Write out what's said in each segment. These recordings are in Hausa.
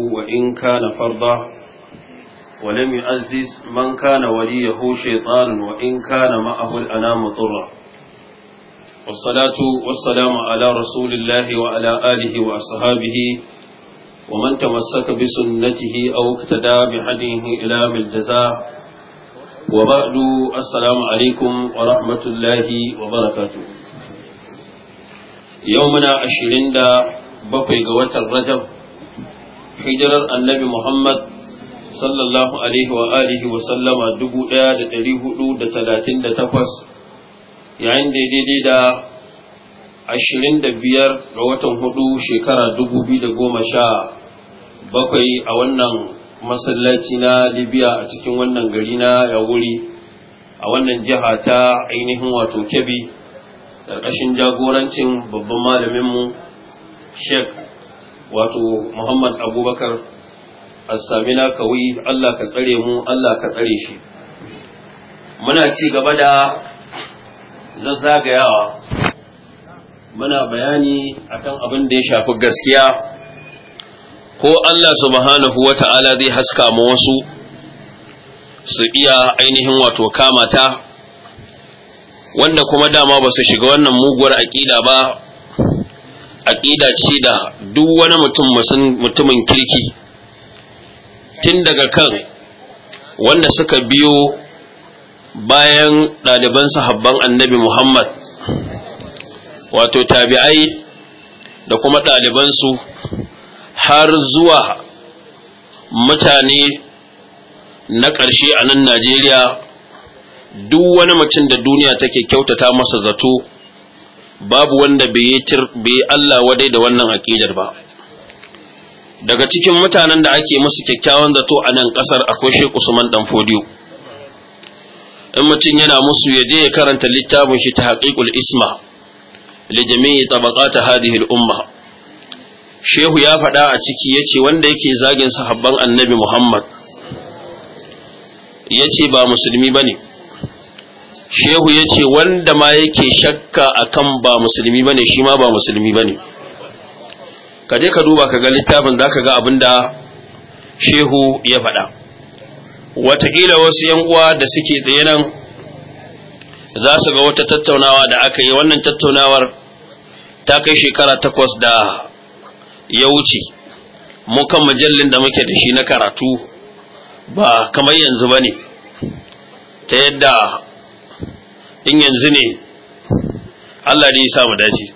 وإن كان فرضا ولم يعزز من كان وليه شيطان وإن كان معه الأنام طرا والصلاة والسلام على رسول الله وعلى آله وأصحابه ومن تمسك بسنته أو اقتدى بحديه إلى ملجزاه وبعد السلام عليكم ورحمة الله وبركاته يومنا عشرين دا بقي قوة الرجب hijirar annabi Muhammad sallallahu alaihi wa alihi wa sallama 1438 yayin da daidai da biyar ga watan hudu shekara sha bakwai a wannan masallaci na Libya a cikin wannan gari na Yawuri a wannan jiha ta ainihin wato Kebbi ƙarƙashin jagorancin babban malaminmu Sheikh wato Muhammad Abubakar Assamina kawai Allah ka tsare mu Allah ka tsare shi muna ci gaba da na zagayawa muna bayani akan abin da ya shafi gaskiya ko Allah subhanahu ta'ala zai haska mu wasu su iya ainihin wato kamata wanda kuma dama ba su shiga wannan muguwar aƙida ba aƙida ce da duk wani mutum mutumin kirki tun daga kan wanda suka biyo bayan ɗaliban sahabban annabi Muhammad wato tabi'ai da kuma ɗalibansu har zuwa mutane na ƙarshe a nan Najeriya duk wani mutum da duniya take kyautata masa zato babu wanda bai yi Allah wadai da wannan aƙidar ba daga cikin mutanen da ake musu kyakkyawan zato a nan ƙasar akwai Sheikh Usman Dan Fodiyo in mutum yana musu ya je ya karanta littafin shi ta haƙiƙul isma li jami'i tabaqata hadhihi al-umma Shehu ya faɗa a ciki yace wanda yake zagin sahabban Annabi Muhammad yace ba musulmi bane shehu ya ce wanda ma yake shakka akan ba musulmi bane shi ma ba musulmi bane ka je ka duba ka ga littafin za ka ga abin da shehu ya faɗa wataƙila wasu yan uwa da suke tsaye nan za su ga wata tattaunawa da aka yi wannan tattaunawar ta kai shekara takwas da ya wuce mu kan mujallin da muke da shi na karatu ba kamar yanzu ba ne ta yadda in yanzu ne Allah ne ya mu dace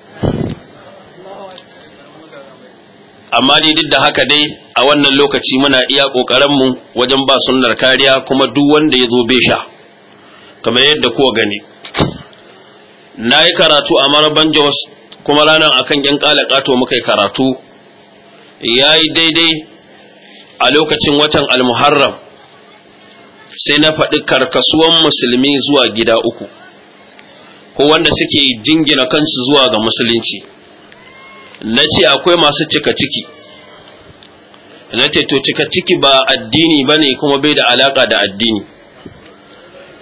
amma ni duk da haka dai a wannan lokaci muna iya mu wajen ba sunnar kariya kuma duk wanda ya zo sha, kamar yadda kuwa gani na yi karatu a maraban jos kuma ranar akan yan kalakato muka yi karatu ya yi daidai a lokacin watan almuharram sai na faɗi karkasuwan musulmi zuwa gida uku ko wanda suke jingina kansu zuwa ga musulunci na ce akwai masu cika ciki na ce to cika ciki ba addini ba ne kuma bai da alaka da addini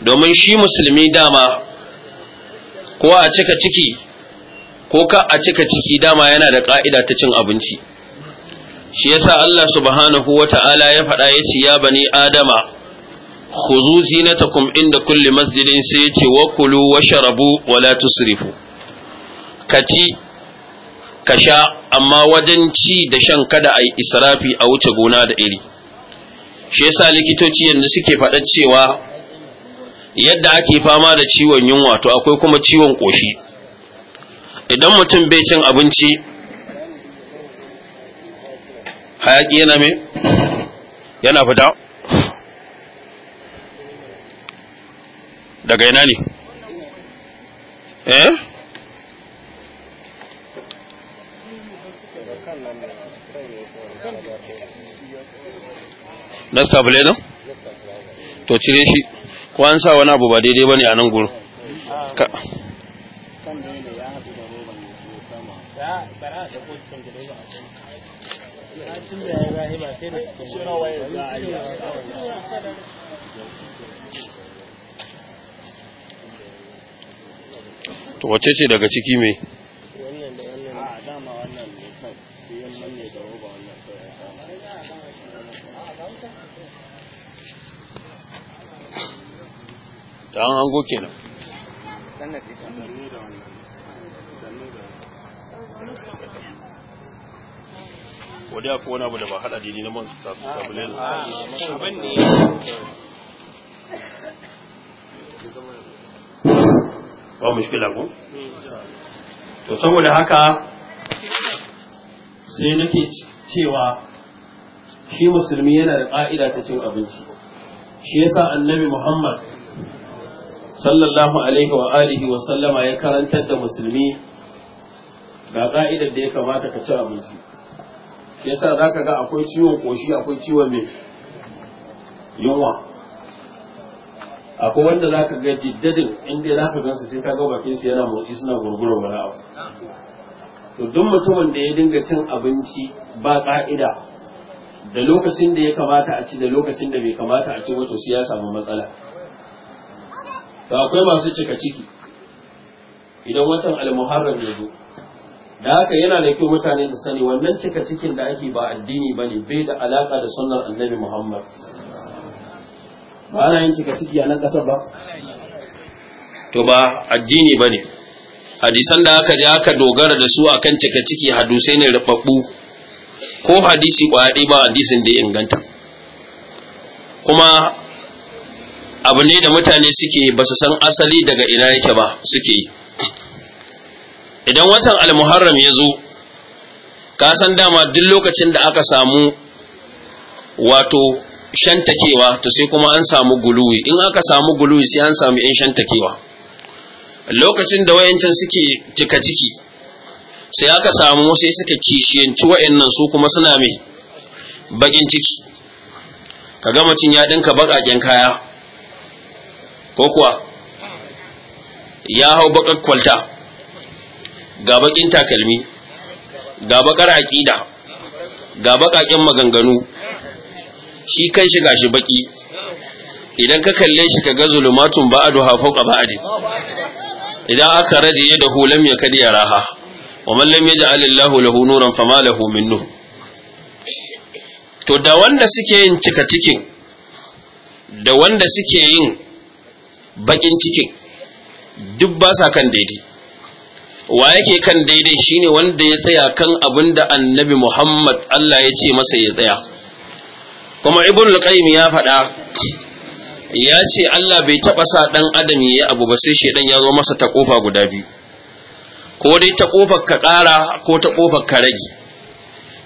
domin shi musulmi dama ko a cika ciki ko ka a cika ciki dama yana da ƙa'ida ta cin abinci shi yasa Allah subhanahu wa ta'ala ya faɗa ya ya bani adama na zinatakum inda kulli masjidin sai yace wa kulu wa sharabu wa la tusrifu kaci ka sha amma wajen ci da shan kada ai israfi a wuce gona da iri shi yasa likitoci yanzu suke faɗa cewa yadda ake fama da ciwon yunwa to akwai kuma ciwon ƙoshi idan mutum bai cin abinci hayaƙi yana fita daga ina ne eh na stabile no to cire shi ko an sa wani abu ba daidai ba ne a nan guru ka to wace ce daga ciki mai da hango kenan wadda ko wani abu da ba hada dini na man abin ne ba mushkila ko to saboda haka sai nake cewa shi musulmi yana da ƙa'ida ta cin abinci shi yasa annabi muhammad sallallahu alaihi wa alihi wa sallama ya karantar da musulmi ga ƙa'idar da ya kamata ka ci abinci shi yasa za ka ga akwai ciwon ƙoshi akwai ciwon mai yunwa akwai wanda za ka ga jiddadin inda za ka gansu sai ka ga bakin su yana motsi suna gurgura wani abu to duk mutumin da ya dinga cin abinci ba ka'ida da lokacin da ya kamata a ci da lokacin da bai kamata a ci wato sai ya samu matsala to akwai masu cika ciki idan watan almuharram ya zo da haka yana da kyau mutane da sani wannan cika cikin da ake ba addini ba ne bai da alaka da sunnar annabi muhammad ba ana yin cika ciki a nan ƙasar ba to ba addini ba ne hadisan da aka ji aka dogara da su akan cika ciki sai ne rubabbu ko hadisi kwaɗi ba hadisin da ya inganta kuma abu ne da mutane suke ba su san asali daga ina yake ba suke yi idan watan almuharram ya zo ka san dama duk lokacin da aka samu wato shantakewa to sai kuma an samu guluwi in aka samu guluwi sai an samu yan shantakewa lokacin da wayancin suke cika ciki sai aka samu sai suka kishiyanci wayannan su kuma suna mai bakin ciki Ka ga mutum ya dinka bakaken kaya ko kuwa ya hau bakar kwalta ga bakin takalmi ga bakar aƙida ga bakaken maganganu shi kan shi gashi baki idan ka kalle shi ka ga zulumatun ba'duha fawqa ba'di idan aka radiye da hulam ya kadi raha wa man lam yaj'al Allahu lahu nuran fama lahu min nur to da wanda suke yin cika cikin da wanda suke yin bakin cikin duk ba sa kan daidai wa yake kan daidai shine wanda ya tsaya kan abinda annabi Muhammad Allah ya ce masa ya tsaya kuma ibn al-qayyim ya faɗa ya ce Allah bai taɓa sa ɗan adam ya abu ba sai shedan ya zo masa ta kofa guda biyu ko dai ta kofar ka ƙara ko ta ƙofar ka rage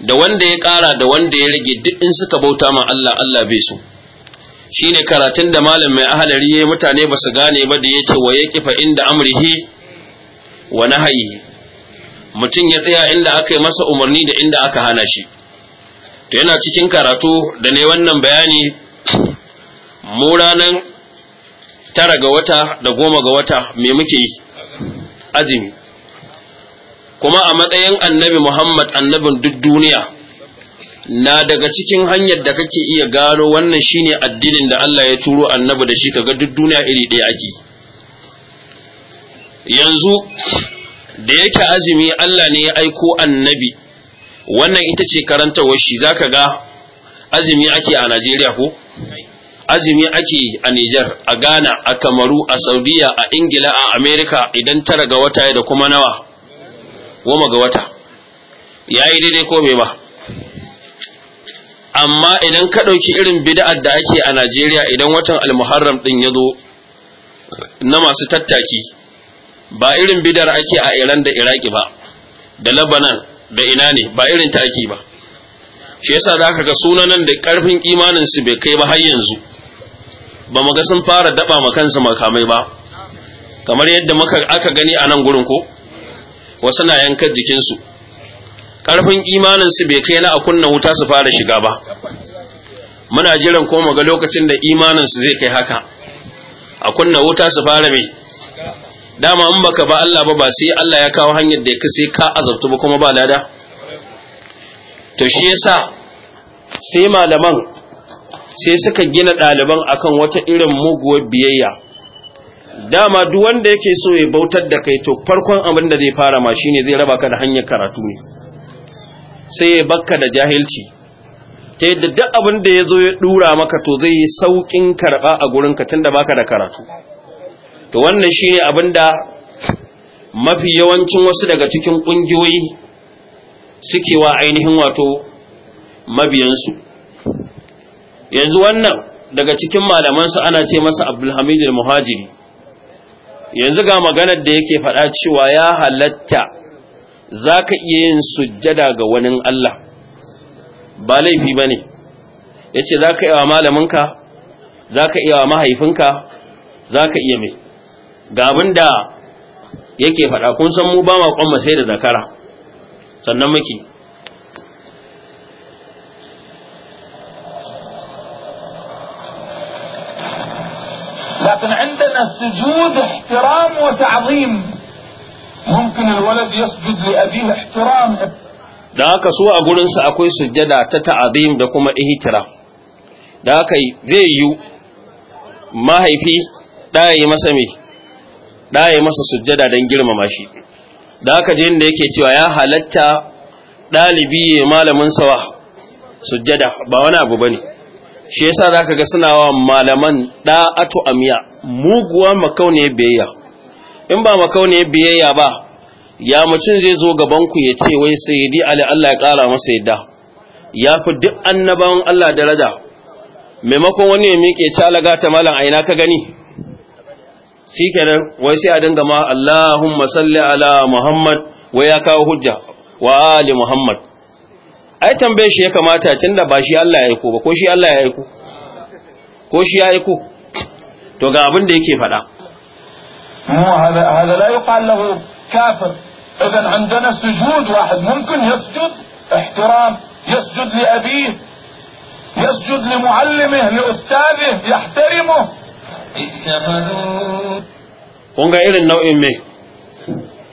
da wanda ya ƙara da wanda ya rage duk in suka bauta ma Allah Allah bai so shine karatun da malam mai ahalari yayi mutane ba su gane ba da yace wa kifa inda amrihi wa nahayi mutum ya tsaya inda aka yi masa umarni da inda aka hana shi to yana cikin karatu da ne wannan bayani mu ranan tara ga wata da goma ga wata me muke azumi kuma a matsayin annabi muhammad annabin duk duniya na daga cikin hanyar da kake iya gano wannan shine addinin da Allah ya turo annabi da shi kaga duk duniya iri ɗaya ake yanzu da yake azumi Allah ne ya aiko annabi wannan ita ce karantawar shi za ka ga azumi ake a najeriya ko azumi ake a Nijar, a ghana a kamaru a saudiya a ingila a Amerika idan tara ga wata da kuma nawa goma ga wata ya yi daidai ko bai ba amma idan ka ɗauki irin bida'ar da ake a najeriya idan watan almuharram ɗin ya zo na masu tattaki ba irin bidar ake a iran da iraki ba da labanan da ina ne ba irin taki ba shi yasa za ka ga sunanan da karfin imanin bai kai ba har yanzu ba mu ga sun fara daba ma kansu makamai ba kamar yadda muka aka gani a nan gurin ko wasu na yankar jikinsu karfin imaninsu bai kai na a kunna wuta su fara shiga ba muna jiran ko mu ga lokacin da imanin zai kai haka a kunna wuta su fara mai dama in baka ba Allah ba ba sai Allah ya kawo hanyar da ka sai ka azabtu ba kuma ba lada to shi yasa sai malaman sai suka gina ɗaliban akan wata irin muguwar biyayya dama duk wanda yake so ya bautar da kai to farkon abin da zai fara ma shine zai raba ka da hanyar karatu ne sai ya bakka da jahilci ta yadda duk abin da ya zo ya dura maka to zai yi saukin karɓa a gurinka tun da baka da karatu to wannan shine abin da mafi yawancin wasu daga cikin ƙungiyoyi suke wa ainihin wato mabiyansu yanzu wannan daga cikin malamansu ana ce masa abdulhamid muhajiri yanzu ga maganar da yake faɗa cewa ya halatta za ka iya yin sujjada ga wani Allah ba laifi ba ne ya ce za ka iya wa malaminka za ka iya wa mahaifinka za ka iya mai ga abin da yake faɗa kun san mu ba ma kwamma sai da zakara sannan muke da haka su a gurinsa akwai sujjada ta ta'azim da kuma ihtira da haka zai yi mahaifi ɗaya yi masa mai da ya masa sujjada don girmama shi da aka je inda yake cewa ya halatta ɗalibi ya malamin sawa sujjada ba wani abu bane shi yasa zaka ga suna wa malaman da'atu amiya muguwa makaune biyayya in ba makaune biyayya ba ya mutum zai zo gaban ku ya ce wai sayyidi ali Allah ya kara masa yadda ya fi duk annaban Allah daraja maimakon wani ya miƙe talaga ta malam aina ka gani kenan wai sai a dinga ma Allahumma salli ala Muhammad wai ya kawo hujja wa ali Muhammad ai tambaye shi ya kamata tun da ba shi Allah ya aiko ba ko shi Allah ya aiko ko shi ya aiko to ga abin da yake faɗa mu hada hada la yuqal lahu kafir idan عندنا sujud واحد ممكن يسجد احترام يسجد li يسجد لمعلمه لأستاذه يحترمه kun ga irin nau'in me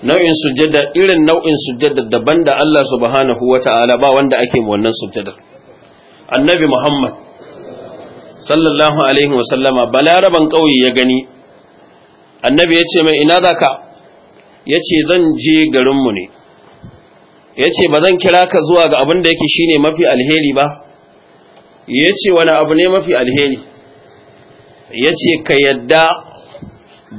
nau'in sujjada irin nau'in sujjada daban da Allah subhanahu wata'ala ba wanda ake wannan sujjadar annabi Muhammad sallallahu alaihi wa sallama balaraban kauye ya gani annabi ya ce mai ina zaka ya ce zan je garinmu ne ya ce ba zan kira ka zuwa ga abin da yake shine mafi alheri ba ya ce wani abu ne mafi alheri ya ce ka yadda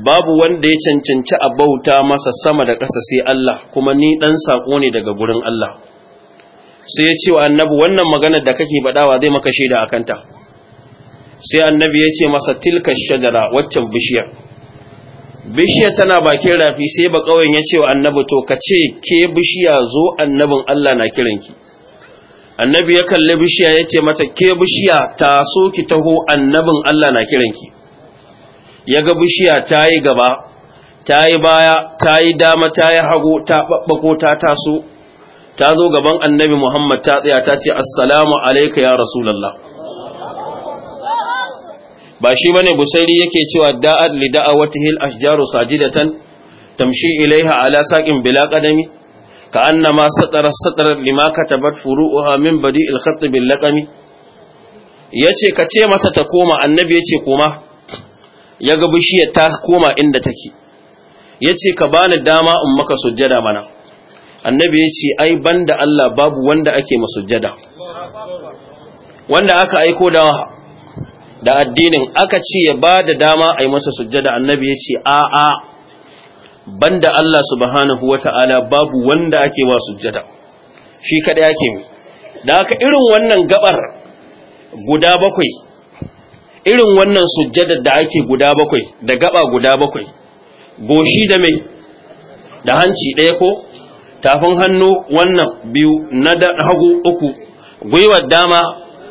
babu wanda ya cancanci a bauta masa sama da ƙasa sai Allah kuma ni ɗan saƙo ne daga gurin Allah sai ya ce wa annabi wannan maganar da kake baɗawa zai maka shaida a kanta sai annabi ya ce masa tilka shajara waccan bishiyar bishiyar tana bakin rafi sai ba ƙauyen ya ce wa annabi to ka ce ke bishiya zo annabin Allah na kiranki annabi ya kalli bishiya ya ce mata ke bishiya ta so ki taho annabin Allah na kiranki ya ga bishiya ta yi gaba ta yi baya ta yi dama ta yi hagu ta ɓaɓɓako ta taso ta zo gaban annabi Muhammad ta tsaya ta ce assalamu alaika ya rasulallah ba shi bane busairi yake cewa da'at li da'awatihil ashjaru sajidatan tamshi ilaiha ala saqin bila qadami كأنما سطر السطر لما كتبت فروعها من بديء الخط باللقم yace ka ce masa ta koma annabi yace koma ya ga bishiyar ta koma inda take yace ka bani dama in maka sujjada mana annabi yace ai banda Allah babu wanda ake masujjada wanda aka aiko da da addinin aka ce ya ba da dama a masa sujjada annabi yace a a banda Allah subhanahu wata'ala babu wanda ake wa sujjada shi kada ake mi da haka irin wannan gabar guda bakwai irin wannan sujjadar da ake guda bakwai da gaba guda bakwai goshi da mai da hanci ɗaya ko tafin hannu wannan biyu na hagu uku gwiwar dama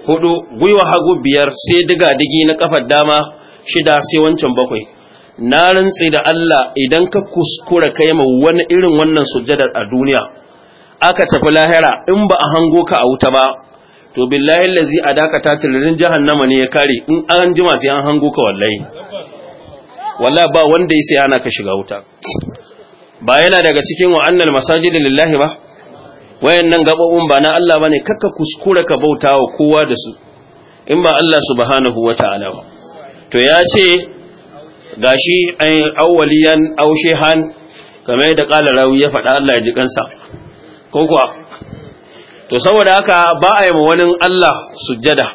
hudu gwiwar hagu biyar sai diga digi na kafar dama shida sai wancan bakwai na rantsi da Allah idan ka kuskura kai ma wani irin wannan sujjadar a duniya aka tafi lahira in ba a hango ka a wuta ba to billahi lazi a dakata tirin jahannama ne ya kare in an ji sai an hango ka wallahi wallahi ba wanda ya ana ka shiga wuta ba yana daga cikin wa'annan masajidin lillahi ba wayannan gabobin ba na Allah ba ne kakka kuskura ka bauta wa kowa da su in ba Allah subhanahu wataala ba to ya ce gashi ayin awwaliyan aw shehan kamar da kala rawi ya faɗa Allah ya ji kansa ko kuwa to saboda haka ba a yi wani Allah sujjada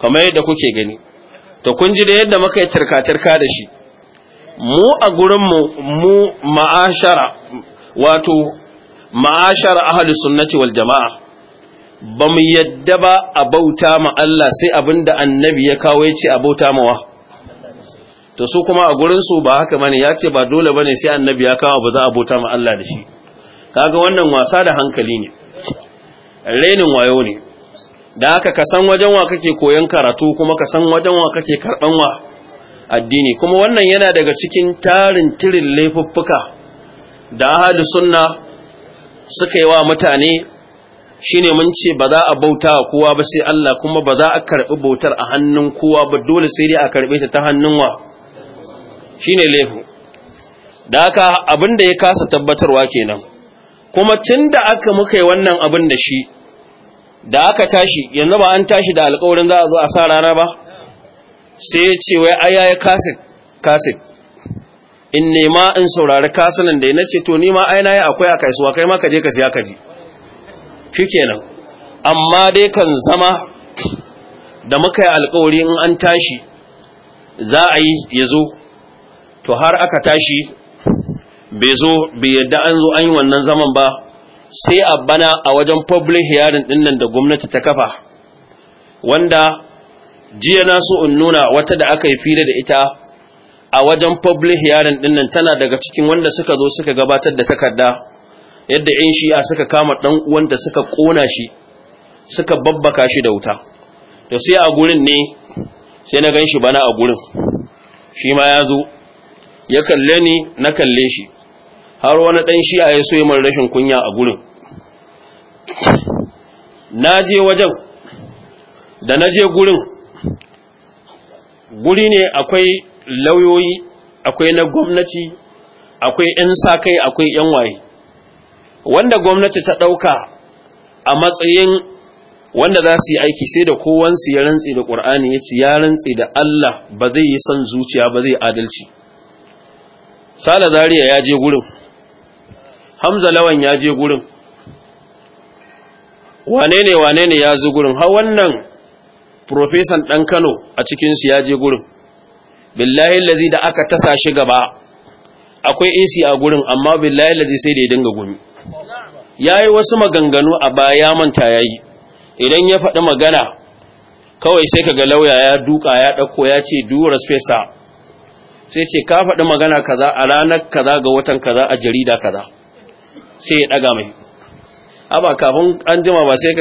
kamar yadda kuke gani to kun ji da yadda muka yi turka-turka da shi mu a gurinmu mu ma'ashara wato ma'ashara ahli sunnati wal jama'a ba mu yadda ba a bauta ma Allah sai abinda annabi ya kawo ya ce a bauta mawa to su kuma a gurinsu ba haka bane ya ce ba dole bane sai annabi ya kawo ba za a bauta ma Allah da shi kaga wannan wasa da hankali ne rainin wayo ne da haka ka san wajen wa kake koyon karatu kuma ka san wajen wa kake karban wa addini kuma wannan yana daga cikin tarin tirin laifuffuka da ahli sunna suka yi wa mutane shine mun ce ba za a bauta wa kowa ba sai Allah kuma ba za a karbi bautar a hannun kowa ba dole sai dai a karbe ta ta hannun wa shine laifin da haka abin da ya kasa tabbatarwa kenan kuma tunda aka muka yi wannan abin da shi da aka tashi yanzu ba an tashi da alƙawarin za a zo a sa rana ba sai ya ce wai aya ya kasit kasit in nema in saurari kasunan da ya nace to ni ma aina ya akwai a kaisuwa kai ma ka je ka siya ka ji shi kenan amma dai kan zama da muka yi alkawari in an tashi za a yi ya zo to har aka tashi bai zo bai yadda an zo an yi wannan zaman ba sai a bana a wajen public hearing din nan da gwamnati ta kafa wanda jiya na so in nuna wata da aka yi fira da ita a wajen public hearing din nan tana daga cikin wanda suka zo suka gabatar da takarda yadda yan shi'a suka kama dan uwanta suka kona shi suka babbaka shi da wuta to sai a gurin ne sai na gan shi bana a gurin shi ma ya zo ya kalle ni na kalle shi har wani ɗan shi'a ya so yi min rashin kunya a gurin na je wajen da na je gurin guri ne akwai lauyoyi akwai na gwamnati akwai 'yan sakai akwai 'yan waye wanda gwamnati ta ɗauka a matsayin wanda za su yi aiki sai da kowansu ya rantsi da ƙur'ani ya ci ya rantsi da Allah ba zai yi son zuciya ba zai adalci sala zariya ya je gurin hamza lawan ya je gurin wane ne wane ne ya zo gurin ha wannan profesan ɗan kano a cikinsu ya je gurin billahi lazi da aka tasa shi gaba akwai ac a gurin amma billahi lazi sai da ya dinga gumi ya yi wasu maganganu a baya manta ya yi idan ya faɗi magana kawai sai kaga lauya ya duka ya ɗauko ya ce dura spesa sai ce ka faɗi magana kaza a ranar kaza ga watan kaza a jarida kaza sai ya ɗaga mai aba kafin an jima ba sai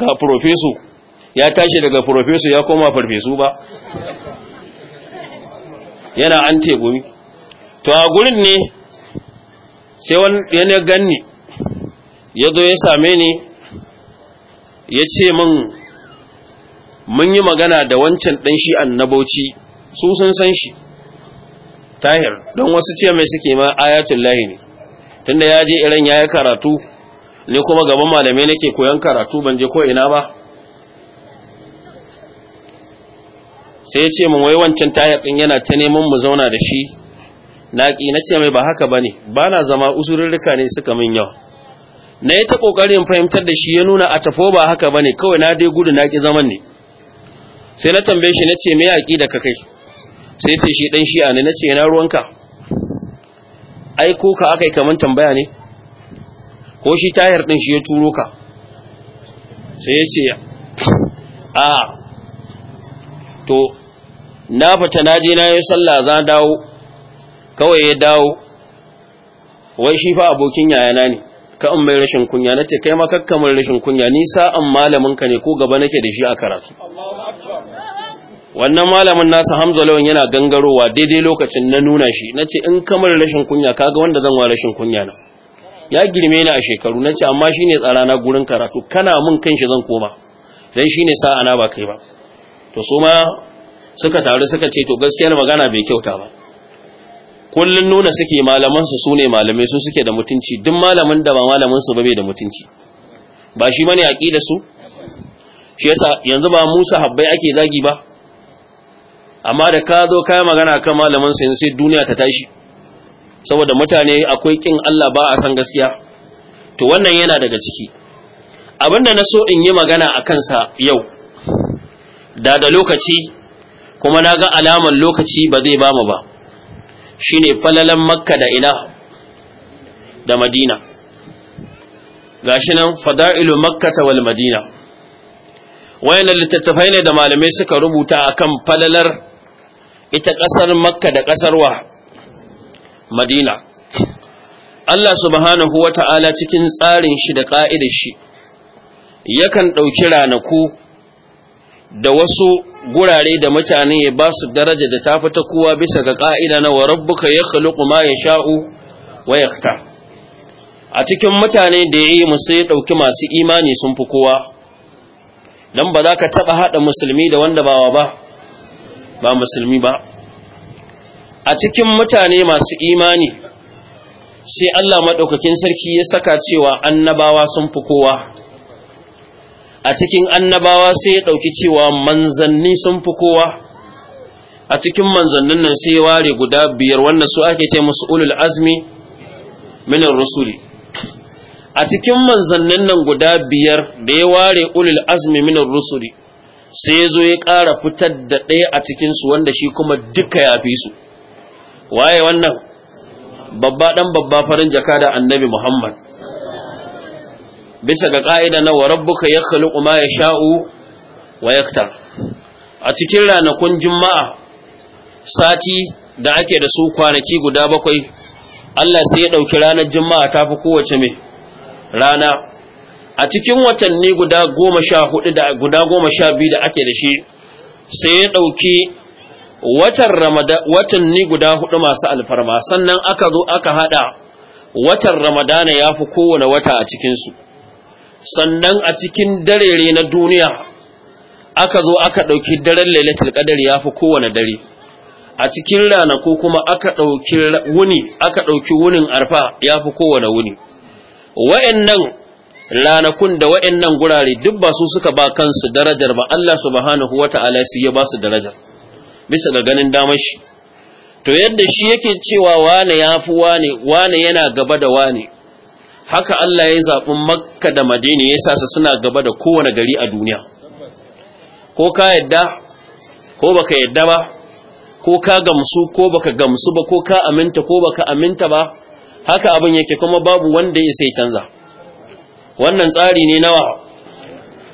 ga profeso ya tashi daga profeso ya koma farfesu ba yana an tegumi to a gurin ne sai wani yana ganni ya zo ya same ni ya ce min mun yi magana da wancan ɗan na annabauci su sun san shi tahir don wasu ce mai suke ma ayatul lahi ne tunda ya je iran ya karatu ne kuma gaban malamai nake koyon karatu ban je ko ina ba sai ya ce mun wai wancan tahir din yana ta neman mu zauna da shi Naki na ce mai ba haka ba ba na zama usururruka ne suka min yau na yi ta ƙoƙarin fahimtar da shi ya nuna a tafo ba haka ba ne kawai na dai gudu naki zaman ne sai na tambaye shi na ce me yaki da kai. sai ce shi dan shi'a ne nace yana ruwanka ai ko ka akai kaman tambaya ne ko shi tayar din shi ya turo ka sai ya ce a to na fita na je na yi sallah za dawo kawai ya dawo wai shi fa abokin yayana ne ka an mai rashin kunya nace kai ma kakkamin rashin kunya ni sa'an malamin ka ne ko gaba nake da shi a karatu wannan malamin nasa hamza lawan yana gangarowa daidai lokacin na nuna shi na ce in kamar rashin kunya kaga wanda zan wa rashin kunya na ya girme ni a shekaru na ce amma shi ne tsarana gurin karatu kana mun kan shi zan koma don shi ne sa'a na ba kai ba to su ma suka taru suka ce to gaskiyar magana bai kyauta ba kullun nuna suke malaman su sune malamai su suke da mutunci duk malamin da ba malamin su ba bai da mutunci ba shi bane aqida su shi yasa yanzu ba Musa habbai ake zagi ba amma da ka zo kai magana kan malamin sa sai duniya ta tashi saboda mutane akwai kin Allah ba a san gaskiya to wannan yana daga ciki abinda na so in yi magana a kansa yau da da lokaci kuma na ga alaman lokaci ba zai bamu ba shine falalan makka da ina da madina gashi nan fada'ilu makkata wal madina wayannan littattafai ne da malamai suka rubuta akan falalar ita ƙasar makka da ƙasar wa madina Allah subhanahu wa ta'ala cikin tsarin shi da ƙa'idar shi yakan ɗauki ranaku da wasu gurare da mutane ya ba su daraja da ta fita kowa bisa ga ƙa'ida na wa rabbuka ya khaliqu ma ya sha'u wa yakta a cikin mutane da ya yi musu ya ɗauki masu imani sun fi kowa Nan ba za ka taɓa haɗa musulmi da wanda bawa ba ba musulmi ba a cikin mutane masu imani sai Allah maɗaukakin sarki ya saka cewa annabawa sun fi kowa a cikin annabawa sai ya ɗauki cewa manzanni sun fi kowa a cikin manzannin nan sai ya ware guda biyar wannan su ake ce musu ulul azmi minar rusuli a cikin manzannin nan guda biyar da ya ware ulul azmi minar rusuli sai ya zo ya ƙara fitar da ɗaya a cikinsu wanda shi kuma duka ya fi su waye wannan babba ɗan babba farin jaka da annabi muhammad bisa ga ƙa'ida na wa rabbuka ya kuma ya sha'u wa yaktar a cikin ranakun juma'a sati da ake da su kwanaki guda bakwai Allah sai ya ɗauki ranar juma'a ta fi kowace mai rana a cikin watanni guda goma sha hudu da guda goma sha biyu da ake da shi sai ya ɗauki watan watanni guda hudu masu alfarma sannan aka zo aka haɗa watan ramadana ya fi kowane wata a cikinsu sannan a cikin darere na duniya aka zo aka ɗauki daren lailatul kadar ya fi kowane dare a cikin ranaku kuma aka ɗauki wuni aka ɗauki wunin arfa ya fi kowane wuni wa'annan ranakun da waɗannan gurare duk ba su suka ba kansu darajar ba Allah subhanahu wata'ala su ya ba su darajar bisa ga ganin damar shi to yadda shi yake cewa wane yafi wane wane yana gaba da wane haka Allah ya zaɓi makka da madina ya sa su suna gaba da kowane gari a duniya ko ka yadda ko baka yadda ba ko ka gamsu ko baka gamsu ba ko ka aminta ko baka aminta ba haka abin yake kuma babu wanda ya sai canza wannan tsari ne nawa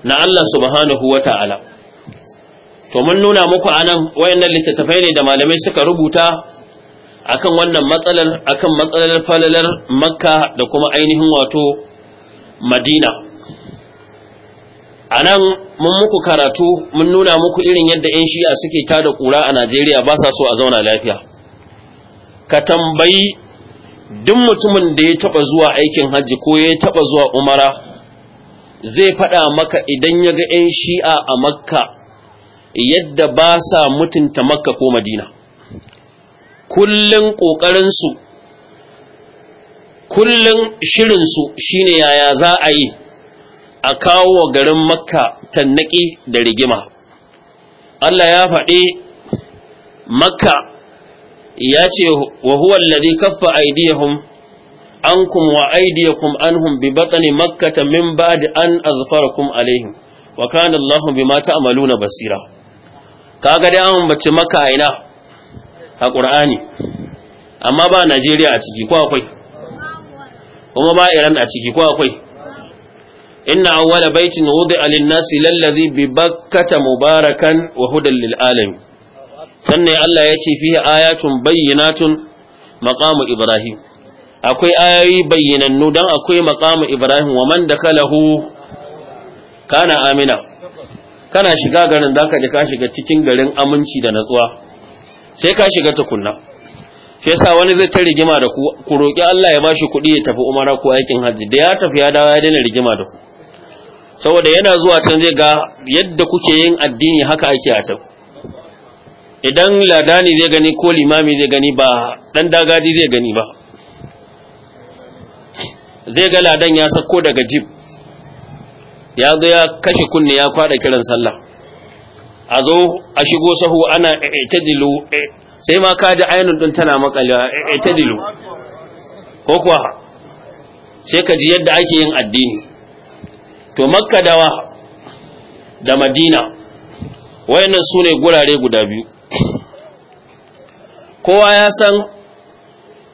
na Allah subhanahu wa ta'ala to mun nuna muku anan wayannan littattafai ne da malamai suka rubuta akan wannan matsalar akan matsalar falalar makka da kuma ainihin wato madina a nan mun muku karatu mun nuna muku irin yadda 'yan shi'a suke tada kura a najeriya ba sa so a zauna lafiya ka tambayi duk mutumin da ya taba zuwa aikin hajji ko ya taba zuwa umara zai faɗa maka idan ya ga 'yan shi'a a makka yadda ba sa mutunta makka ko madina kullum ƙoƙarinsu kullum shirinsu shine yaya za a yi a kawo wa garin makka tannaki da rigima Allah ya faɗi makka ya ce wa huwa alladhi kaffa aydiyahum ankum wa aydiyakum anhum bi batni makkata min ba'd an azfarakum alaihim wa kana Allahu bima ta'maluna basira kaga dai an bace makka ina a qur'ani amma ba Najeriya a ciki ko akwai kuma ba Iran a ciki ko akwai inna awwala baitin wudi'a lin-nasi lalladhi bi bakkata mubarakan wa hudan lil alamin sannan Allah ya ce fihi ayatun bayyinatun maqamu ibrahim akwai ayoyi bayyinannu dan akwai maqamu ibrahim wa man dakalahu kana amina kana shiga garin zaka ji ka shiga cikin garin aminci da natsuwa sai ka shiga tukunna sai sa wani zai ta rigima da ku ku roki Allah ya bashi kuɗi ya tafi umara ko aikin hajji da ya tafi ya dawo ya daina rigima da ku saboda yana zuwa can zai ga yadda kuke yin addini haka ake a can idan ladani zai gani ko limami zai gani ba dan dagaji zai gani ba zai ga ladan ya sako daga jib ya zo ya kashe kunne ya kwada kiran sallah a zo a shigo sahu ana itadilu eh, sai ma kaji ainun din tana makalla itadilu ko kuwa sai ka ji yadda ake yin addini to makka dawa da madina wayannan sune gurare guda biyu kowa ya san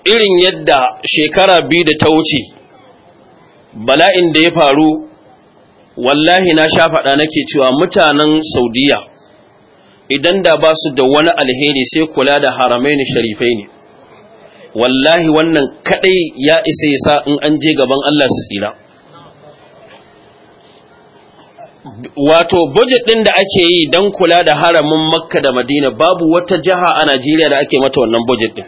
irin yadda shekara biyu da ta wuce bala'in da ya faru wallahi na sha faɗa nake cewa mutanen saudiya idan da ba su da wani alheri sai kula da haramai ne sharifai ne wallahi wannan kaɗai ya isa yasa in an je gaban Allah su tsira wato budget din da ake yi don kula da haramin makka da madina babu wata jiha a najeriya da ake mata wannan budget din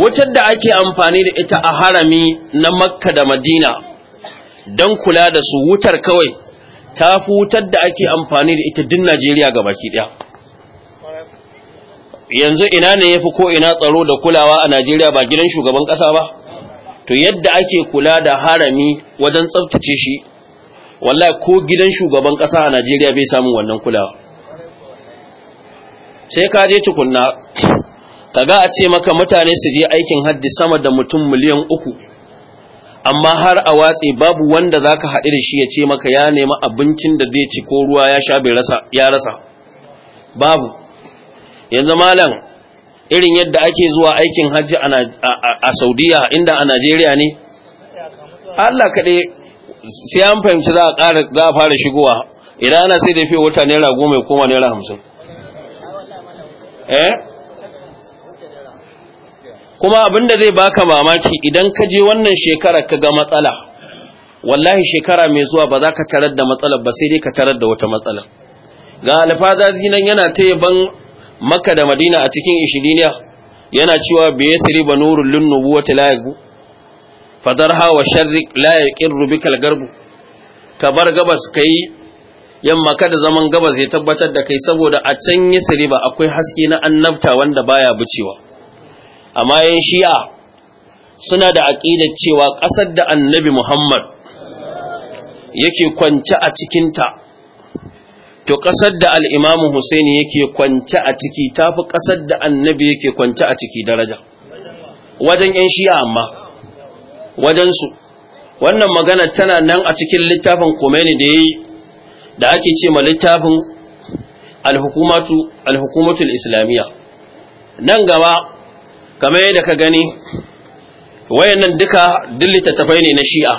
wutar da ake amfani da ita a harami na makka da madina don kula da su wutar kawai ta fi wutar da ake amfani da ita din najeriya ga baki daya yanzu ina ne ya fi ko ina tsaro da kulawa a najeriya ba gidan shugaban kasa ba to yadda ake kula da harami wajen tsabtace shi wallahi ko gidan shugaban kasa a Najeriya bai samu wannan kulawa sai ka je tukunna ka ga a ce maka mutane su je aikin haddi sama da mutum miliyan uku amma har a watsi babu wanda zaka haɗu da shi ya ce maka ya nemi abincin da zai ci ko ruwa ya sha bai rasa ya rasa babu yanzu malam irin yadda ake zuwa aikin hajji a Saudiya inda a Najeriya ne Allah kaɗai sai an fahimci za a za a fara shigowa idan ana sai da fiye wata naira goma naira hamsin eh kuma abinda zai baka mamaki idan ka je wannan shekara ka ga matsala wallahi shekara mai zuwa ba za ka tarar da matsalar ba sai dai ka tarar da wata matsala ga alfazazi nan yana ta yaban makka da madina a cikin ishiriniya yana cewa bai siri ba nurul linnubuwati la layagu. fadarha wa sharrik la yaqirru bikal garbu ka bar gabas kai yamma kada zaman gabas ya tabbatar da kai saboda a can yasri ba akwai haske na annabta wanda baya bucewa amma yan shi'a suna da aƙidar cewa ƙasar da annabi Muhammad yake kwance a cikinta to kasar da al-Imam Husaini yake kwance a ciki tafi ƙasar da annabi yake kwance a ciki daraja wajen yan shi'a amma wajensu wannan magana tana nan a cikin littafin komeni da ya yi da ake ce ma littafin alhukumatul islamiyya nan gaba kamar yadda ka gani wayannan duka duk littattafai ne na shi'a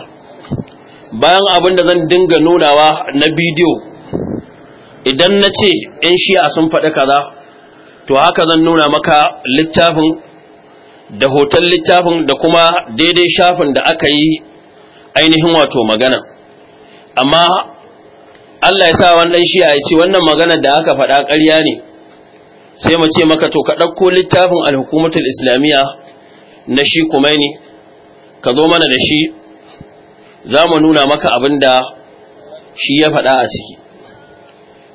bayan abin da zan dinga nunawa na bidiyo idan na ce 'yan shi'a sun faɗi kaza to haka zan nuna maka littafin da hoton littafin da kuma daidai shafin da aka yi ainihin wato magana amma Allah ya sa wannan shi ya ce wannan magana da aka faɗa ƙarya ne sai mu ce maka to ka ɗauko littafin alhukumatul islamiyya na shi kuma ne ka zo mana da shi za mu nuna maka abin da shi ya faɗa a ciki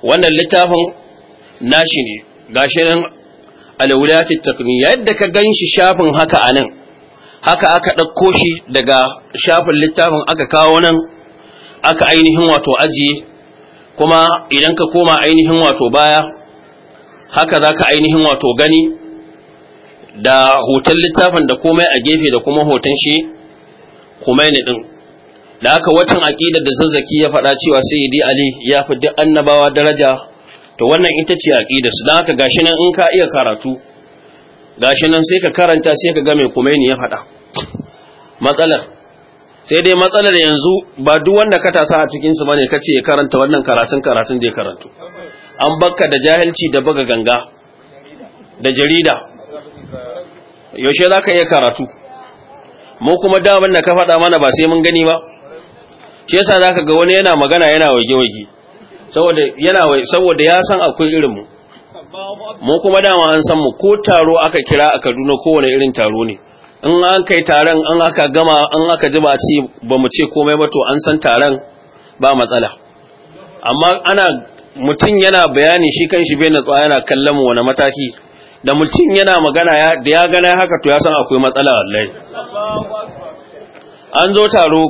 wannan littafin nashi ne gashi alwulayati takmiya yadda ka ganshi shafin haka anan haka aka dauko shi daga shafin littafin aka kawo nan aka ainihin wato ajiye kuma idan ka koma ainihin wato baya haka zaka ainihin wato gani da hoton littafin da komai a gefe da kuma hoton shi kuma ne ɗin da aka watan aƙidar da zazzaki ya faɗa cewa sayyidi ali ya fi duk annabawa daraja to wannan ita ce aqidarsu dan haka gashi nan in ka iya karatu gashi nan sai ka karanta sai ka ga mai kumaini ya faɗa matsalar sai dai matsalar yanzu ba duk wanda ka tasa a cikin su bane kace ya karanta wannan karatun karatun da ya karanto an bakka da jahilci da baga ganga da jarida yaushe ka iya karatu mu kuma da abin da ka faɗa mana ba sai mun gani ba shi yasa ka ga wani yana magana yana wage-wage saboda yana wai saboda ya san akwai irin mu mu kuma dama an san mu ko taro aka kira a Kaduna kowane irin taro ne in an kai taron an aka gama an aka ji ba ce ba mu ce komai ba to an san taron ba matsala amma ana mutum yana bayani shi kan shi bai natsuwa yana kallon mu wani mataki da mutum yana magana da ya gana haka to ya san akwai matsala wallahi an zo taro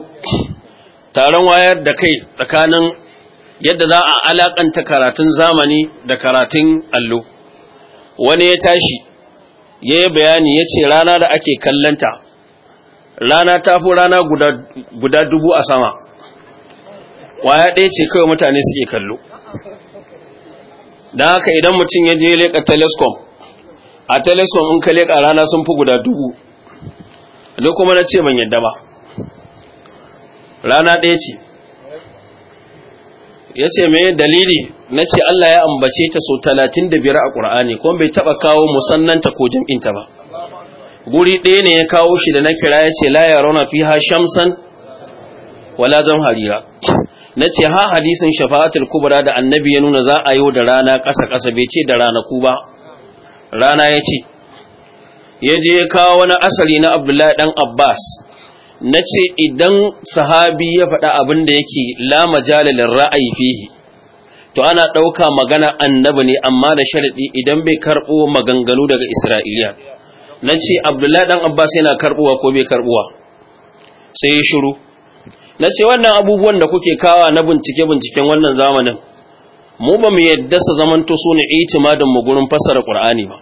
taron wayar da kai tsakanin yadda za a alakanta karatun zamani da karatun allo wani ya tashi ya yi bayani ya ce rana da ake kallanta rana ta fi rana guda dubu a sama waya ɗaya ce kawai mutane suke kallo da haka idan mutum ya je leƙa telescope a telescope in ka leƙa rana sun fi guda dubu da kuma na ce ban yadda ba rana ɗaya ce ya ce mai dalili na ce Allah ya ambace ta so talatin da biyar a ƙur'ani kuma bai taɓa kawo musannanta ko jam'inta ba guri ɗaya ne ya kawo shi da na kira ya ce laya ya rauna fi ha shamsan wala zan harira na ce ha hadisin shafa'atul kubra da annabi ya nuna za a yau da rana ƙasa ƙasa bai ce da ranaku ba rana ya ce ya je ya kawo wani asali na abdullahi ɗan abbas na ce idan sahabi ya faɗa abin da yake Lama Jalilin ra'ayi fihi to ana ɗauka magana annabi ne amma da sharaɗi idan bai karɓo maganganu daga isra'iliya na ce abdullahi ɗan abbas yana karɓuwa ko bai karɓuwa sai ya shiru na ce wannan abubuwan da kuke kawa na bincike binciken wannan zamanin mu ba mu yadda su zamanto su ne itimadin mu gurin fassara qur'ani ba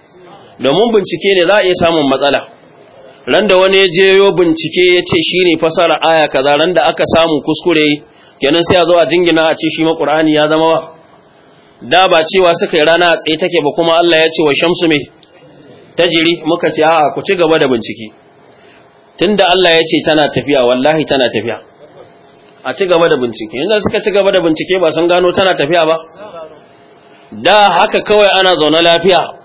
domin bincike ne za a iya samun matsala ran da wani ya je yo bincike ya ce shi ne fasara aya kaza ran da aka samu kuskure kenan sai a zo a jingina a ce shi ma qur'ani ya zama wa da ba cewa suka yi rana a tsaye take ba kuma Allah ya ce wa shamsu me tajiri muka ce a'a ku ci gaba da bincike tunda Allah ya ce tana tafiya wallahi tana tafiya a ci gaba da bincike inda suka ci gaba da bincike ba sun gano tana tafiya ba da haka kawai ana zaune lafiya